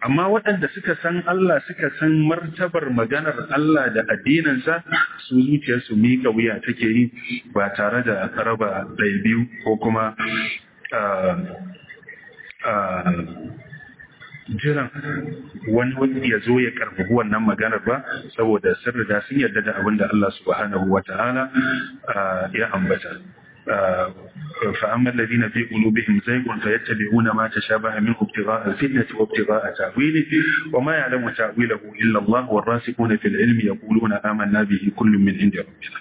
amma waɗanda suka san Allah suka san martabar maganar Allah da addininsa su zuciyarsu miƙa wuya take yi ba tare da raba ɗaya biyu ko kuma jiran wani wani ya zo ya karfafi wannan maganar ba saboda sirri da sun yarda da abin da Allah subhanahu wa ta'ala ya ambata. فأما الذين في قلوبهم زيغ فيتبعون ما تشابه منه ابتغاء الفتنة وابتغاء تأويله وما يعلم تأويله إلا الله والراسخون في العلم يقولون آمنا به كل من عند ربنا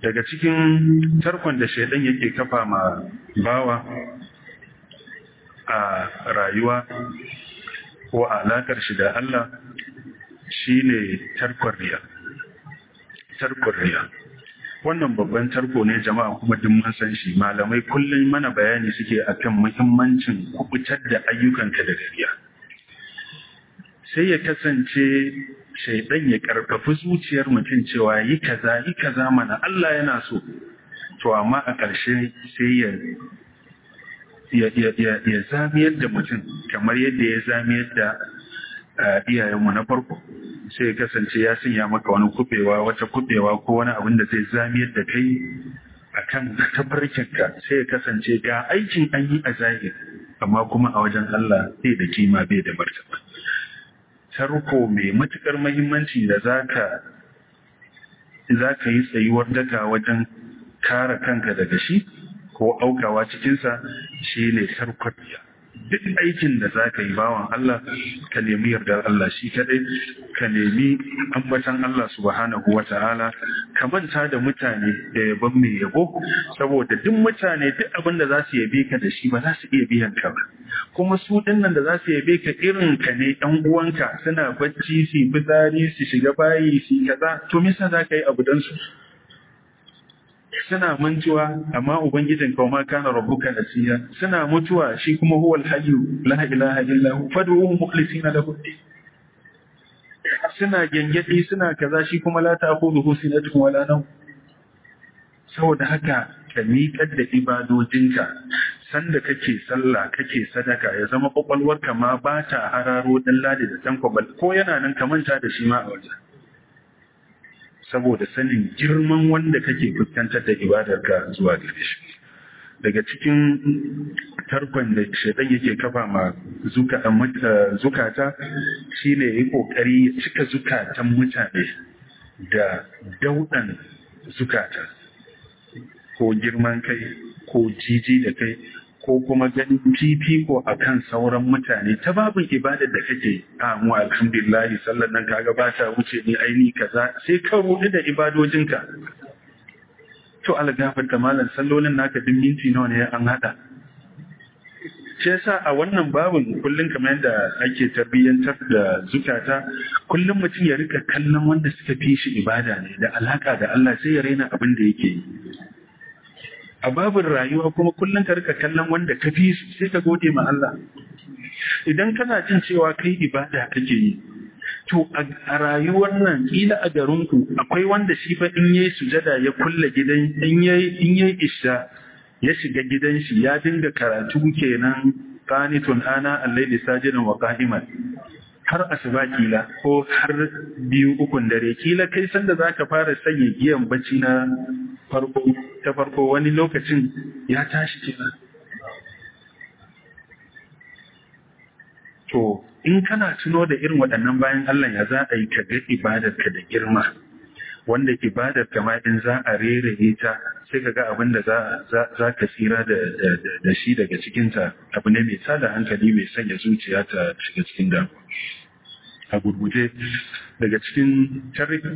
daga cikin tarkon da shaidan yake kafa ma bawa a rayuwa ko alakar shi da Allah shine tarkon riya tarkon riya wannan babban tarko ne jama'a kuma duk mun san shi malamai kullum mana bayani suke akan muhimmancin kubutar da ayyukanka da riya sai ya kasance shaidan ya karfafi zuciyar mutum cewa yi kaza yi kaza mana Allah yana so to amma a ƙarshe sai ya ya zamiyar da mutum kamar yadda ya zamiyar da A iyayenmu na farko sai ya kasance ya sanya maka wani kubewa wata kubewa ko wani abin da zai zamiyar da kai a kan ka. sai ya kasance ga aikin an yi a zahir amma kuma a wajen Allah sai da kima bai da martaba tarko mai matukar muhimmanci da zaka zaka yi tsayuwar daga wajen kare kanka daga shi ko aukawa cikinsa shine sarkwafiya duk aikin da za ka yi bawan Allah ka nemi yardar Allah shi kaɗai, ka nemi ambatan Allah subhanahu wa ta'ala ka manta da mutane da yabon mai yabo saboda duk mutane duk abin da za su yabe ka da shi ba za su iya biyan ka ba kuma su dinnan da za su yabe ka irin ka ne ɗan uwanka suna bacci su yi fitsari su shiga bayi su yi kaza to me yasa za ka yi abu suna mantuwa amma ubangijin kuma kana rabbuka nasiya suna mutuwa shi kuma huwal hayyu la ilaha illa hu fad'uhu mukhlisina lahu suna gengedi suna kaza shi kuma la ta'khudhuhu sinatun wala nawm saboda haka ka miƙar da ibadojinka sanda kake sallah kake sadaka ya zama kwakwalwarka ma ba ta hararo dan ladi da tankwabal ko yana nan ka manta da shi ma a wajen saboda sanin girman wanda kake fuskantar da ibadarka zuwa gare shi daga cikin tarkon da shaidan yake kafa ma eh, eh, zukata shine yayi kokari ya cika zukatan mutane da daudan zukata ko girman kai ko jiji da kai ko kuma ganin fifiko a kan sauran mutane ta babin ibada da kake amu mu alhamdulillahi sallan nan kaga ba ta wuce ni aini kaza sai ka rudu da ibadojinka to algafar da malam sallolin naka din minti nawa ne an hada ce sa a wannan babin kullum kamar yadda ake tarbiyyantar da zukata kullum mutum ya rika kallon wanda suka fi shi ibada ne da alaka da Allah sai ya raina abin da yake yi a babin rayuwa kuma kullum ka rika kallon wanda ka fi su sai ka gode ma Allah idan kana jin cewa kai ibada kake yi to a rayuwar nan kila a garinku akwai wanda shi fa in yayi sujada ya kulle gidan in yayi in yayi isha ya shiga gidan shi ya dinga karatu kenan qanitun ana al-layli sajidan wa qa'iman har asuba kila ko har biyu ukun dare kila kai sanda zaka fara sanya giyan bacci na farko ta farko wani lokacin ya tashi kenan to in kana tuno da irin waɗannan bayan Allah ya za a yi ka ga ibadarka da girma wanda ibadarka ma in za a rereye ta sai ka ga abin da za ka tsira da shi daga cikinta abu ne mai tsada hankali mai sanya zuciya ta shiga cikin damuwa a gurguje daga cikin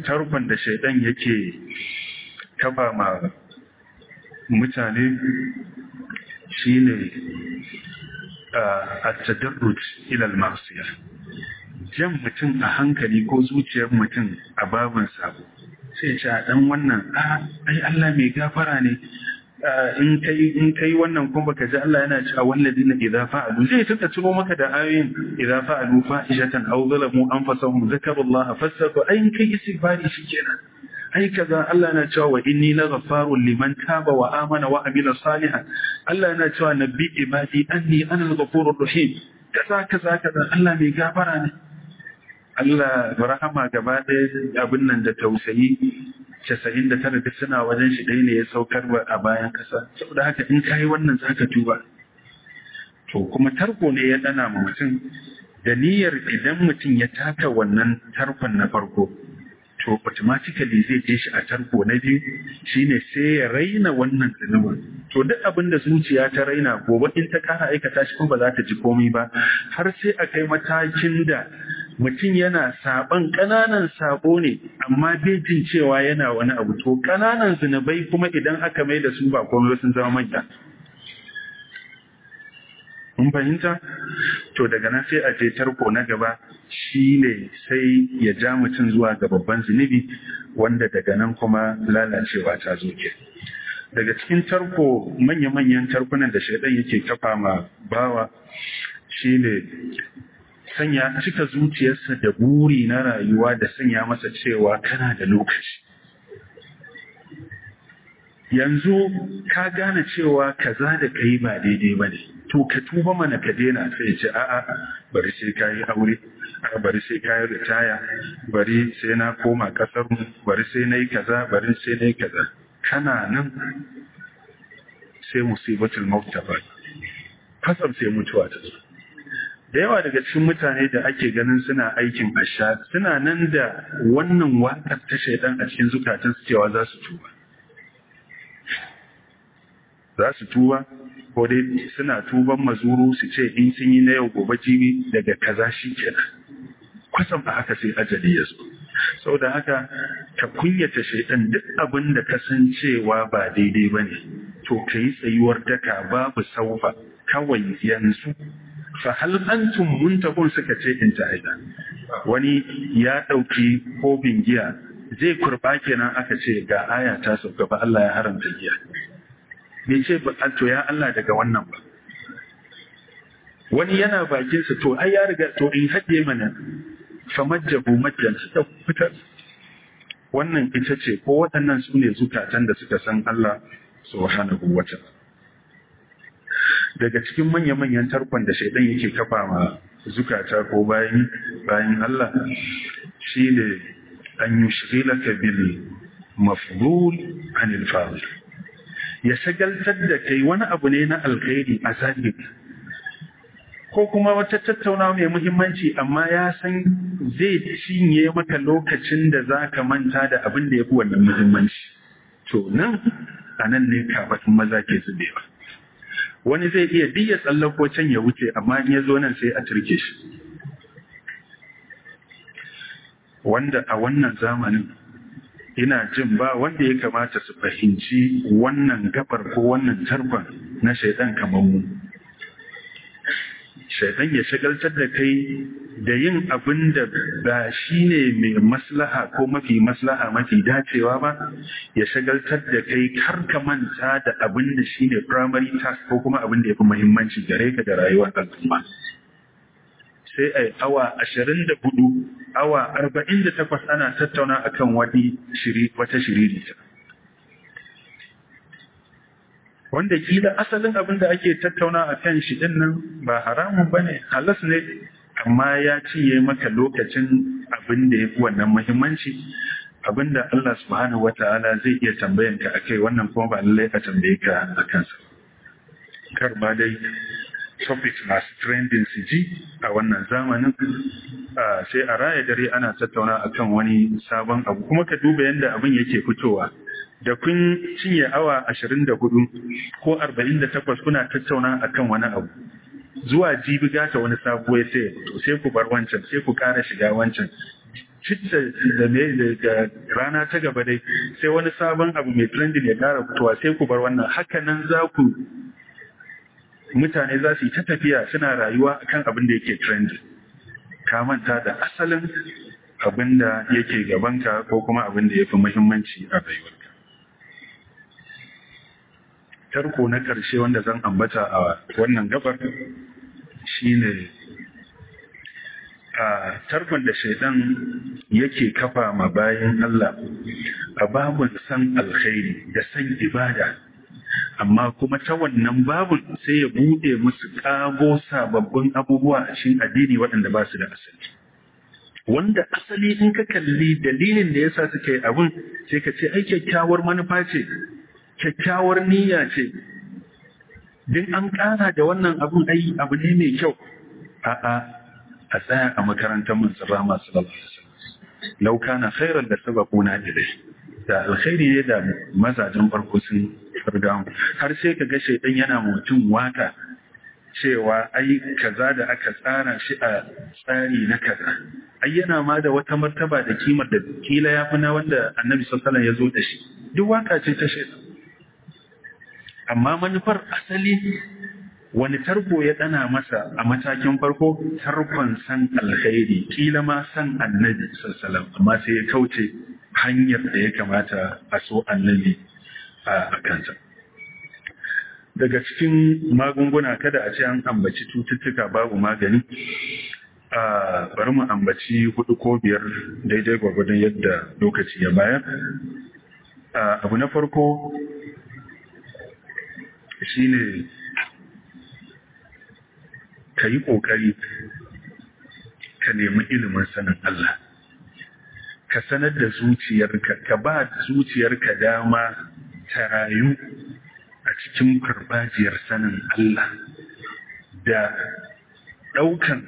tarukan da shaidan yake kafa ma mutane shi ne a tadarruj ilal masiya jan mutum a hankali ko zuciyar mutum a babin sabo sai ce a dan wannan a ai Allah mai gafara ne in ka yi wannan kuma baka ji Allah yana cewa walladina idza fa'alu zai tunta tuno maka da ayoyin idza fa'alu fa'ishatan aw zalamu anfusahum zakarullaha fastaghfiru ai in kai istighfari shikenan ai kaza Allah yana cewa wa inni laghaffarun liman taba wa amana wa amila salihan Allah yana cewa nabi ibadi anni ana al-ghafurur rahim kaza kaza kaza Allah mai gafara ne Allah rahama gaba ɗaya abin nan da tausayi casa'in da tara duk suna wajen shi ɗaya ne ya saukar a bayan kasa saboda haka in ka yi wannan za ka tuba to kuma tarko ne ya ɗana ma mutum da niyyar idan mutum ya taka wannan tarkon na farko to automatically zai je shi a tarko na biyu shine sai ya raina wannan zunubin to duk abin da zuciya ta raina gobe in ta kara aikata shi ba za ta ji komai ba har sai a kai matakin da mutum yana saban ƙananan sabo ne amma bai jin cewa yana wani abu to ƙananan zunubai kuma idan aka mai da su ba komai sun zama manya mun fahimta to daga nan sai a je tarko na gaba shine sai ya ja mutum zuwa ga babban zunubi wanda daga nan kuma lalacewa ta zo ke daga cikin tarko manya-manyan tarkunan da shaidan yake kafa ma bawa shine sanya cika zuciyarsa da buri na rayuwa da sanya masa cewa kana da lokaci yanzu ka gane cewa kaza da kai ba daidai ba ne to ka tuba mana ka daina sai ce a'a bari sai ka yi aure a bari sai ka yi ritaya bari sai na koma kasar mu bari sai na yi kaza bari sai na yi kaza kana nan sai musibatul maut ta faɗi kasar sai mutuwa ta da yawa daga cikin mutane da ake ganin suna aikin asha suna nan da wannan waƙar ta shaidan a cikin zukatansu cewa za su tuba za su tuba ko dai suna tuban mazuru su ce in sun yi na yau gobe jibi daga kaza shi kenan kwatsam a haka sai ajali ya zo sau da haka ka kunyata shaidan duk abin da ka san cewa ba daidai ba ne to ka yi tsayuwar daka babu saufa kawai yanzu fa hal antum muntakun suka ce in ta haida wani ya ɗauki kobin giya zai kurba kenan aka ce ga aya ta sauka ba Allah ya haramta giya bai ce to ya Allah daga wannan ba wani yana bakinsa to ai ya riga to in haɗe mana majjabu majjan ta fitar wannan ita ce ko waɗannan su ne zukatan da suka san Allah subhanahu wata. daga cikin manya-manyan tarkon da shaidan yake kafa ma zukata ko bayan bayan Allah shine an yushrila bil mafdul anil fadl ya shagaltar da kai wani abu ne na alkhairi a zahiri ko kuma wata tattaunawa mai muhimmanci amma ya san zai cinye maka lokacin da za ka manta da abin da ya fi wannan muhimmanci to nan a nan ne kafatin maza ke zubewa wani zai iya diya tsallakocin ya wuce amma in ya zo nan sai a turke shi wanda a wannan zamanin ina jin ba wanda ya kamata su fahimci wannan gabar ko wannan tarban na shaidan kamar mu shaidan ya shagaltar da kai da yin abin da ba shi ne mai maslaha ko mafi maslaha mafi dacewa ba ya shagaltar da kai kar ka manta da abin da shi ne primary task ko kuma abin da ya fi muhimmanci gare ka da rayuwar al'umma. sai a yi awa ashirin da hudu awa arba'in da takwas ana tattauna akan wani wata shiririta wanda kila asalin abin da ake tattauna a kan shi din nan ba haramun ba ne halas ne amma ya ciye maka lokacin abin da ya fi wannan muhimmanci abin da Allah subhanahu Ala zai iya tambayanka a kai wannan kuma ba lallai ka tambaye ka a kansa kar ma dai topics masu trending su ji a wannan zamanin sai a raya dare ana tattauna akan wani sabon abu kuma ka duba yadda abin yake fitowa da kun cinye awa 24 ko 48 kuna tattauna akan wani abu zuwa jibi gata wani ya sai to sai ku bar wancan sai ku kara shiga wancan citta da me da rana ta gaba dai sai wani sabon abu mai trending ya kara fitowa sai ku bar wannan haka nan za ku mutane za su yi ta tafiya suna rayuwa a kan abin da yake trendy ka manta da asalin abin da yake gabanka ko kuma abin da ya fi muhimmanci a rayuwarka tarko na ƙarshe wanda zan ambata a wannan gabar shi ne. a tarkon da shaidan yake kafa ma bayan Allah a babin san alkhairi da san ibada amma kuma ta wannan babu sai ya bude musu kago sababbin abubuwa a cikin addini waɗanda ba su da asali wanda asali in ka kalli dalilin da yasa suke abun sai ka ce ai kyakkyawar manufa ce kyakkyawar niyya ce din an ƙara da wannan abun ai abu ne mai kyau a'a a tsaya a makarantar mun tsira masu lalata lau kana khairan da sabaquna da alkhairi ne da mazajen farko sun fir'aun har sai ka ga shaidan yana mutum waka cewa ai kaza da aka tsara shi a tsari na kaza ai yana ma da wata martaba da kimar da kila ya fi na wanda annabi sallallahu ya zo da shi duk waka ce ta shaidan amma manufar asali wani tarko ya dana masa a matakin farko tarkon san alkhairi kila ma san annabi sallallahu amma sai ya kauce hanyar da ya kamata a so annabi a kansa daga cikin magunguna kada a ce an ambaci cututtuka babu magani a bari mu ambaci hudu ko biyar daidai gwagwadon yadda lokaci ya bayar abu na farko shi ne ka yi ƙoƙari ka nemi ilimin sanin Allah ka sanar da zuciyarka ka ba zuciyarka dama ta rayu a cikin karbajiyar sanin Allah da ɗaukan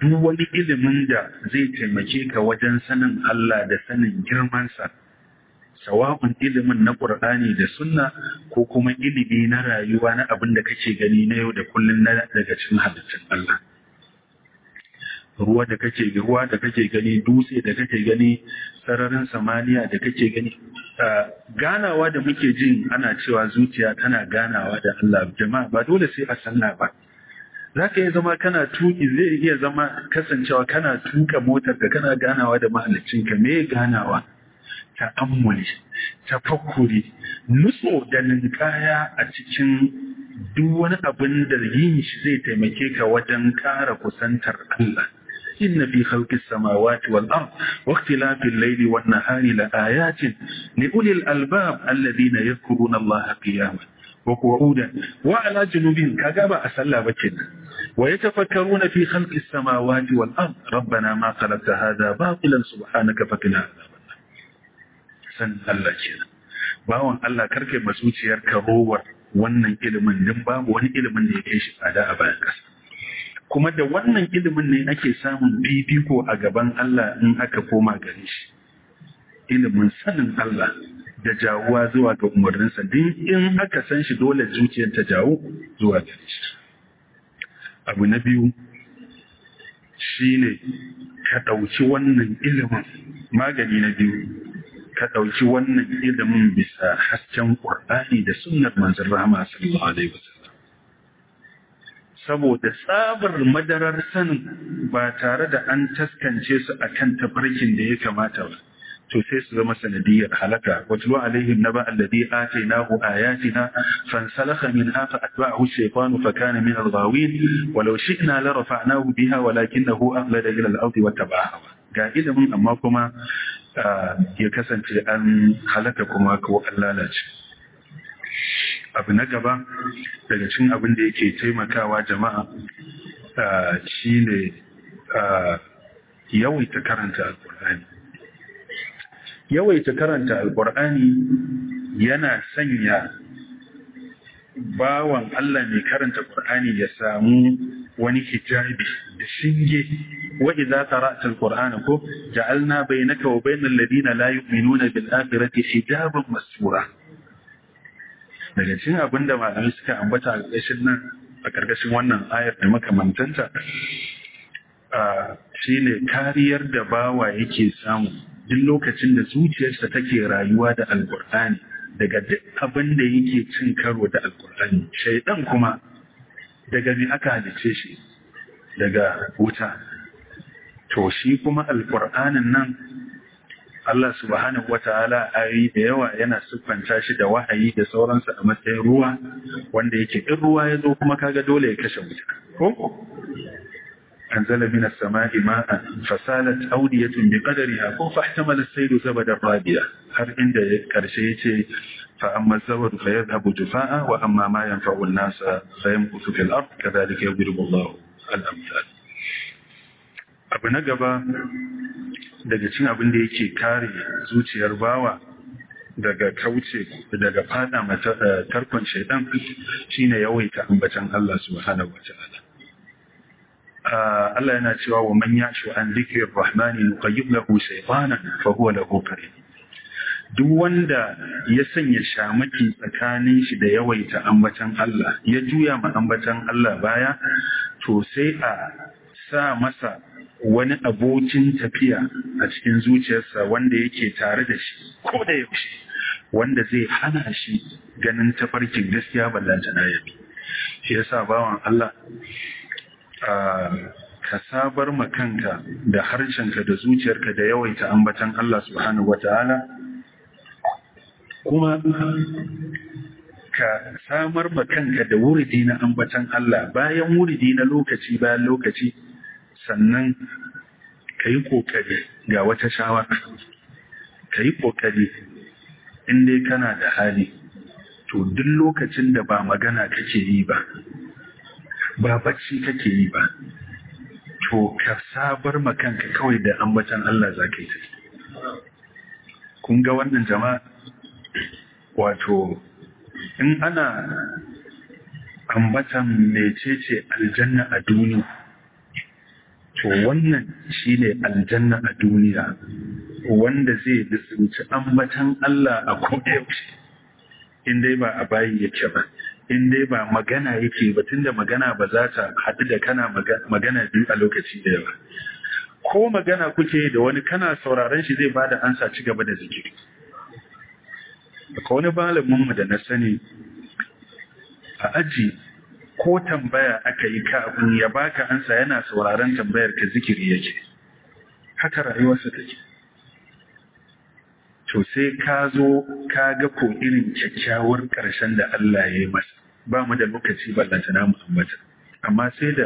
duk wani ilimin da zai taimake ka wajen sanin Allah da sanin girmansa, sawa'un ilimin na ƙur'ani da sunna ko kuma ilimi na rayuwa na abin da kake gani na yau da kullum na daga cikin halittun Allah. Ruwa da kake ruwa da kake gani, dutse da kake gani, sararin samaniya da kake gani, Eh, ganawa da muke jin ana cewa zuciya tana ganawa da Allah jama'a ba dole sai a sallah ba za ka iya zama kana tuki zai iya zama kasancewa kana tuka motar ka kana ganawa da mahaliccinka me ganawa ta'ammuli tafakkuri nutso da ninkaya a cikin duk wani abin da yin shi zai taimake ka wajen ƙara kusantar Allah إن في خلق السماوات والأرض واختلاف الليل والنهار لآيات لأولي الألباب الذين يذكرون الله قياما وقعودا وعلى جنوبهم كذا با أسلا بكنا ويتفكرون في خلق السماوات والأرض ربنا ما خلقت هذا باطلا سبحانك فقنا عذاب النار سن الله جنا باون الله كركب masuciyar ka rowar wannan دمبا din babu wani ilimin da ya kai kuma da wannan ilimin ne ake samun bibiko a gaban Allah in aka koma gare shi ilimin sanin Allah da jawuwa zuwa ga umarninsa din in aka san shi dole zuciyar ta jawo zuwa gare shi abu na biyu shine ka ɗauki wannan ilimin magani na biyu ka ɗauki wannan ilimin bisa hasken ƙur'ani da sunnar manzon rahama sallallahu alaihi wasallam saboda tsabar madarar sanin ba tare da an taskance su a kan tafarkin da ya kamata ba to sai su zama sanadiyar halaka watlu alaihim naba alladhi atainahu ayatina fansalakha minha fa atba'ahu a shaytanu fa fakani min al-ghawin walau shi'na la rafa'nahu biha walakinahu aghlada ila wata ardi wattaba'a ga ilimin amma kuma ah, ya kasance an halaka kuma ko an lalace abu na gaba daga cin abin da yake taimakawa jama'a shi ne yawaita karanta alkur'ani yawaita karanta alkur'ani yana sanya bawan Allah mai karanta ƙur'ani ya samu wani hijabi da shinge wa idza qara'ta al-Qur'ana ko ja'alna bainaka wa bainal ladina la yu'minuna bil akhirati hijaban masura daga cikin abin da malamai suka ambata a ƙarƙashin nan a ƙarƙashin wannan ayar da makamantanta shine kariyar da bawa yake samu duk lokacin da zuciyarsa take rayuwa da alƙur'ani daga duk abin da yake cin karo da alƙur'ani shaidan kuma daga me aka halice shi daga wuta to shi kuma alƙur'anin nan Allah subhanahu wa ta'ala a yi da yawa yana siffanta shi da wahayi da sauransa a matsayin ruwa wanda yake in ruwa ya zo kuma kaga dole ya kashe wuta. Ko? Anzala min as-sama'i ma'an fasalat awdiyatun bi qadariha ko fa ihtamala as-sayru zabada rabiya har inda ya karshe yace fa amma zawadu fa yadhhabu jufa'a wa amma ma yanfa'u an-nasa fa yamkutu fil ard kadhalika yadribu Allahu al-amthal. abu na gaba daga cin abin da yake kare zuciyar bawa daga kauce daga fada mata eh, tarkon shaidan shine yawaita ambatan Allah subhanahu wataala ah, Allah yana cewa wa manya yashu an dhikrir rahmani nuqayyib lahu shaytanan fa huwa lahu qarin duk wanda ya sanya shamaki tsakanin shi da yawaita ambatan Allah ya juya ma ambatan Allah baya to sai a sa masa wani abokin tafiya a cikin zuciyarsa wanda yake tare da shi ko da yaushe wanda zai hana shi ganin tafarkin gaskiya ballanta na yabi shi sa bawan Allah ka sabar makanka da harshenka da zuciyarka da yawaita ambatan Allah subhanahu wataala kuma ka samar ma kanka da wuridi na ambatan Allah bayan wuridi na lokaci bayan lokaci sannan ka yi ƙoƙari ga wata shawara ka yi ƙoƙari in dai kana da hali to duk lokacin da ba magana kake yi ba ba bacci kake yi ba to ka sabar makanka kawai da ambatan Allah za ka yi ta kun ga wannan jama'a wato in ana ambatan mecece aljanna a duniya to wannan shi ne aljanna a duniya wanda zai lissanci ambatan Allah a kodayaushe in dai ba a bayi yake ba in dai ba magana yake ba tunda magana ba za ta haɗu da kana magana biyu a lokaci ɗaya ba ko magana kuke da wani kana sauraron shi zai bada ansa ci gaba da zikiri ka wani malamin mu da na sani a aji ko tambaya aka yi abin ya baka ansa yana sauraron tambayar ka zikiri yake haka rayuwarsa take to sai ka zo ka ga ko irin kyakkyawar ƙarshen da Allah ya yi masa ba mu da lokaci ballanta na amma sai da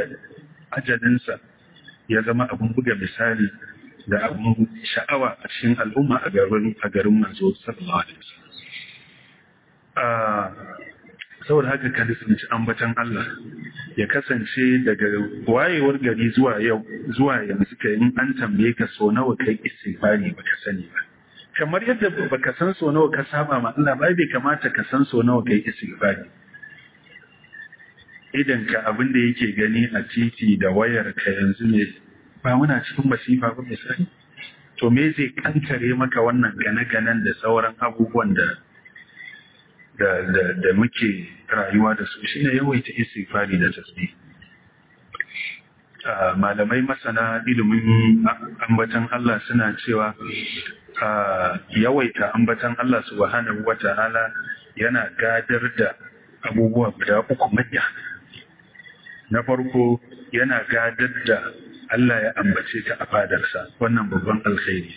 ajalinsa ya zama abin buga misali da abin sha'awa a cikin al'umma a garin manzo sallallahu alaihi wasallam ah, saboda haka ka nisanci ambatan Allah ya kasance daga wayewar gari zuwa yau zuwa yanzu ka yi an tambaye ka so nawa kai istighfari ka sani ba kamar yadda baka san so nawa ka saba ma Allah ba bai kamata ka san so nawa kai istighfari idan ka abin da yake gani a titi da wayar ka yanzu ne ba muna cikin masifa ba misali to me zai kankare maka wannan gane-ganen da sauran abubuwan da da da da muke rayuwa da su shine yawaita istighfari da tasbih ah, malamai masana ilimin ambatan Allah suna cewa ah, yawaita ambatan Allah subhanahu wata'ala yana gadar da abubuwa guda uku manya na farko yana gadar da Allah ya ambace ta a fadarsa wannan babban alkhairi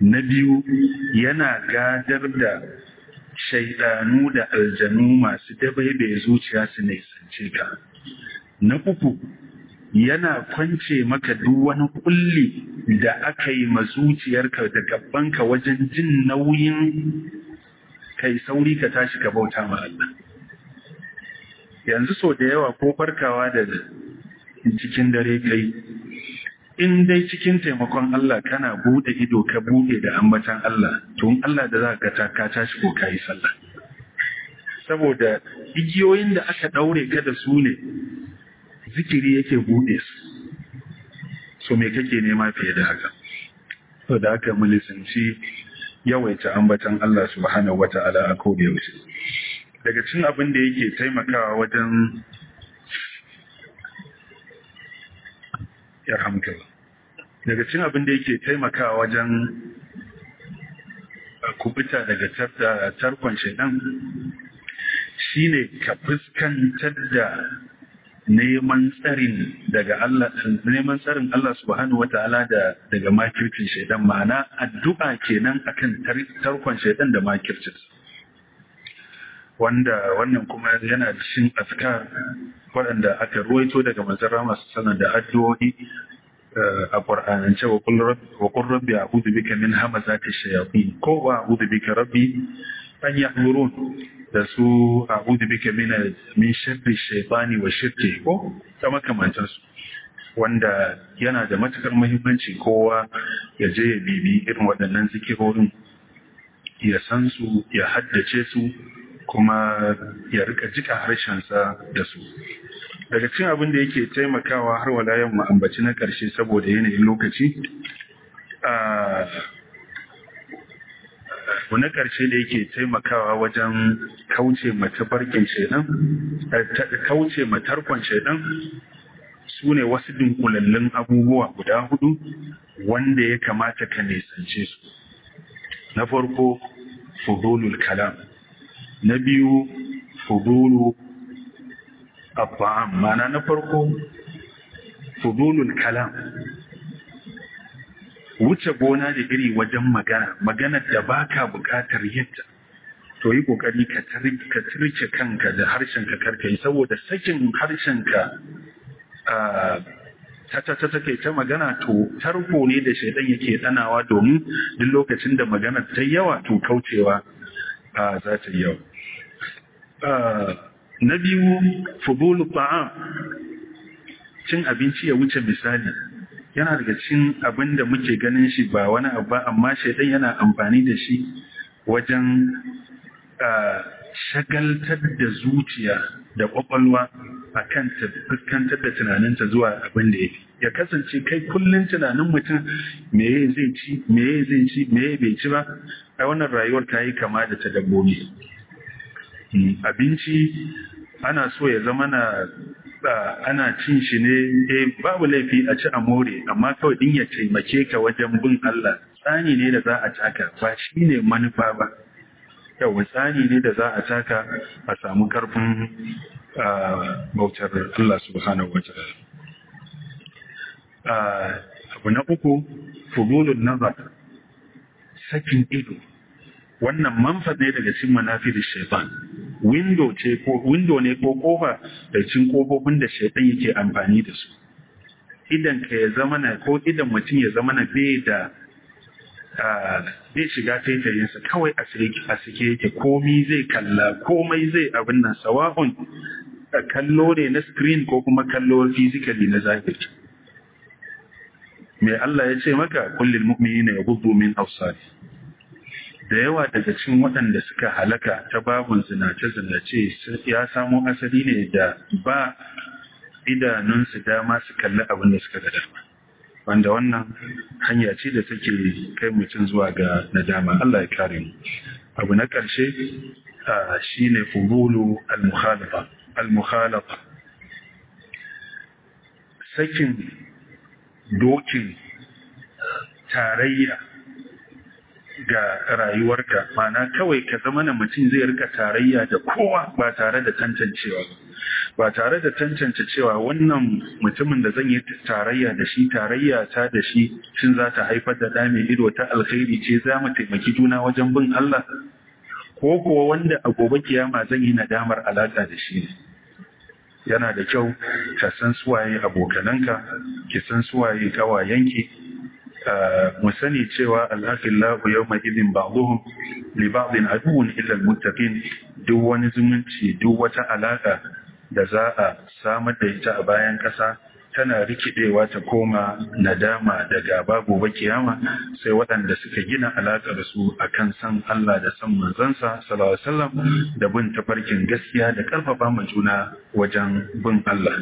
na biyu yana gadar da shaidanu da aljanu masu dabaibe zuciya su ne sance ka na uku yana kwance maka duk wani kulli da aka yi ma zuciyarka da gabanka wajen jin nauyin kai sauri ka tashi ka bauta ma Allah yanzu sau da yawa ko farkawa da cikin dare kai in dai cikin taimakon Allah kana bude ido ka bude da ambatan Allah to in Allah da zaka ka ta ka tashi ko kai sallah saboda igiyoyin da aka daure ka da su ne zikiri yake bude su so me kake nema fiye da haka to da aka mulisanci yawaita ambatan Allah subhanahu wata'ala a koda daga cin abin da yake taimakawa wajen ya rahamtala daga cin abin da yake taimaka wajen kubuta daga tarkon shaidan shine ka fuskantar da neman tsarin daga Allah neman tsarin Allah subhanahu da daga makircin shaidan ma'ana addu'a kenan akan tarkon shaidan da makircin wanda wannan kuma yana cikin askar waɗanda aka ruwaito daga manzara masu sanar da addu'o'i eh, a ƙwar'anance wa ƙun rabbi a hudu bika min hamaza ta shayafi ko wa hudu bika rabbi an yi da su a hudu bika min shirri shaifani wa shirke ko ta su? wanda yana da matukar muhimmanci kowa ya je ya bibi irin waɗannan zikirorin ya san su ya haddace su kuma ya rika jika harshensa da su daga cin abin da yake taimakawa har walayen ma'ambaci na ƙarshe saboda yanayin lokaci wani ƙarshe da yake taimakawa wajen kauce matabarkin shaidan kauce matarkon shaidan su ne wasu dinkulallin abubuwa guda hudu wanda ya kamata ka nisance su na farko fudulul kalam na biyu fudulu abba'am mana na farko fudulul kalam wuce gona da iri wajen magana maganar da baka bukatar yadda to yi kokari ka turce kanka da harshenka karka yi saboda sakin harshenka ta ta ta take ta magana to tarko ne da shaidan yake tsanawa domin duk lokacin da magana ta yawa to kaucewa a za ta yi yau na biyu fubulu ta'am cin abinci ya wuce misali yana daga cin abin da muke ganin shi ba wani abu ba amma shaidan yana amfani da shi wajen shagaltar da zuciya da ƙwaƙwalwa a kan fuskantar da tunaninta zuwa abin da ya fi ya kasance kai kullum tunanin mutum meye zai ci meye zai ci meye bai ci ba ai wannan rayuwar ta yi kama da ta dabbobi hmm, abinci ana so ya zama na ana cin shi ne eh babu laifi a ci a more amma kawai din ya taimake ka wajen bin Allah tsani ne da za a taka ba shi ne manufa ba yau tsani ne da za a taka a samu karfin bautar Allah subhanahu wa ta'ala abu na uku fudulun nazar sakin ido wannan manfat ne daga cikin manafir shaitan window ce ko window ne ko kofa da cikin kofofin da shaitan yake amfani da su idan ka ya zama na ko idan mutum ya zama na bai da bai shiga taitayinsa kawai a sike yake komi zai kalla komai zai abin nan sawa'un kallo ne na screen ko kuma kallo physically na zahiri Mai Allah ya ce maka kullil mu'minina yaghuddu min absari da yawa daga cikin waɗanda suka halaka ta babun zinace zinace ya samo asali ne da ba idanunsu dama su kalli abin da suka ga dama wanda wannan hanya ce da take kai mutum zuwa ga nadama Allah ya kare mu abu na ƙarshe shine furulu al-mukhalafa al-mukhalafa sakin dokin tarayya ga rayuwarka mana kawai ka zama na mutum zai rika tarayya da kowa ba tare da tantancewa ba tare da tantance cewa wannan mutumin da zan yi tarayya da shi tarayya ta da shi shin za ta haifar da ɗa ido ta alkhairi ce za mu taimaki juna wajen bin Allah ko kuwa wanda a gobe kiyama zan yi nadamar alaƙa da shi ne yana da kyau ka san suwaye abokananka ki san suwaye kawayenki ah, mu sani cewa alhaqillahu yawma idhin ba'dhum li ba'din aduwwun illa almuttaqin duk wani zumunci duk wata alaka da za a samar da ita a bayan kasa tana rikidewa ta koma nadama daga babu ba kiyama sai waɗanda suka gina alaƙar su akan san Allah da san manzansa sallallahu alaihi wasallam da bin tafarkin gaskiya da ƙarfafa ma juna wajen bin Allah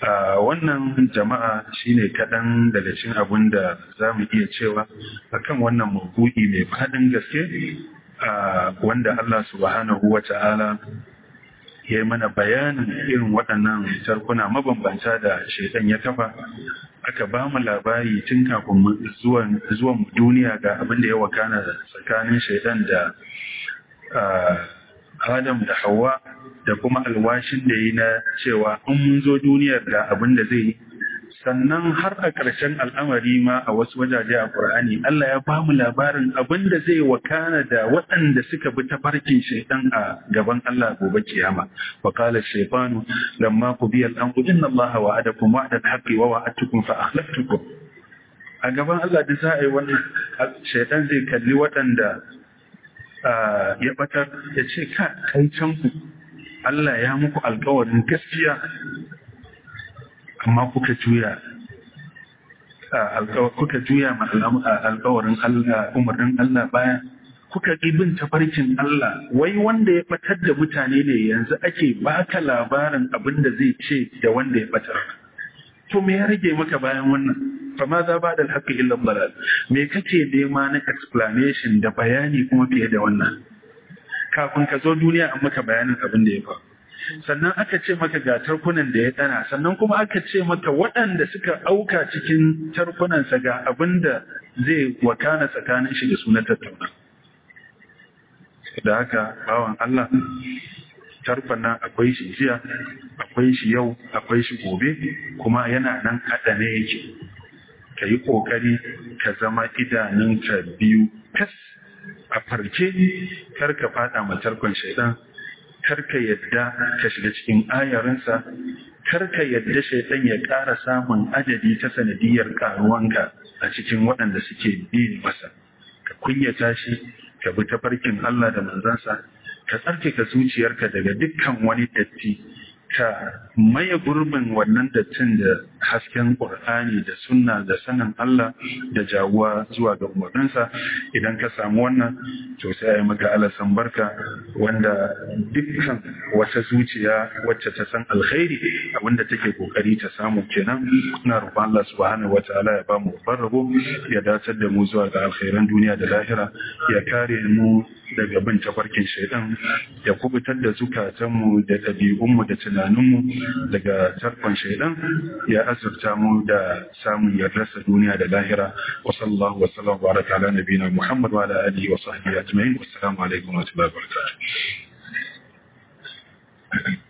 a wannan jama'a shine kaɗan daga cikin abin da za mu iya cewa akan wannan maudu'i mai faɗin gaske a wanda Allah subhanahu wa ta'ala ya yi mana bayanin irin waɗannan sarkuna mabambanta da shaitan ya kafa aka ba mu labari tun kafin zuwan duniya ga abin da ya wakana tsakanin shaitan da adam da hawa da kuma alwashin da yi na cewa in mun zo duniyar ga abin da zai yi sannan har a ƙarshen al'amari ma a wasu wajaje a ƙur'ani Allah ya ba mu labarin abin da zai wakana da waɗanda suka bi tafarkin shaitan a gaban Allah gobe kiyama wa qala shaytanu lamma qudiya al-amru inna Allah wa'adakum wa'dal haqqi wa wa'adtukum fa akhlaftukum a gaban Allah da za a yi wannan shaitan zai kalli waɗanda ya ɓatar ya ce ka kai can ku Allah ya muku alƙawarin gaskiya amma kuka juya kuka juya ma alƙawarin Allah umarnin Allah baya kuka bin tafarkin Allah wai wanda ya batar da mutane ne yanzu ake baka labarin abin da zai ce da wanda ya batar to me ya rage maka bayan wannan fa ma za ba da alhaqi illa dalal me kake ma na explanation da bayani kuma fiye da wannan kafin ka zo duniya an maka bayanin abin da ya faru sannan aka ce maka ga tarkunan da ya ɗana, sannan kuma aka ce maka waɗanda suka auka cikin tarkunansa ga abin da zai wakana tsakanin shi da sunan tattauna da haka bawan Allah tarkon akwai shi jiya akwai shi yau akwai shi gobe kuma yana nan haɗa ne yake ka yi ƙoƙari ka zama idanun idanunka biyu kas a farke kar ka faɗa ma tarkon shaidan karka yadda ka shiga cikin ayarinsa karka yadda shaidan ya ƙara samun adadi ta sanadiyar ƙaruwanka a cikin waɗanda suke bin masa ka kunyata shi ka bi ta farkin Allah da manzansa ka tsarkake zuciyarka daga dukkan wani datti ka maye gurbin wannan dattin da hasken ƙur'ani da sunna da sanin Allah da jaguwa zuwa ga umarninsa idan ka samu wannan to sai yi maka alasan barka wanda dukkan wata zuciya wacce ta san alkhairi abinda take kokari ta samu kenan ina roƙon Allah subhanahu wataala ya bamu babban rabo ya dacar da mu zuwa ga alkhairan duniya da lahira ya kare mu daga bin tafarkin shaidan ya kubutar da zukatanmu da ɗabi'unmu da tunaninmu daga tarkon shaidan ya azurta mu da samun yardarsa duniya da lahira wa sallallahu wa sallam wa baraka ala nabiyina muhammad wa ala alihi wa sahbihi ajma'in assalamu alaikum wa rahmatullahi wa barakatuh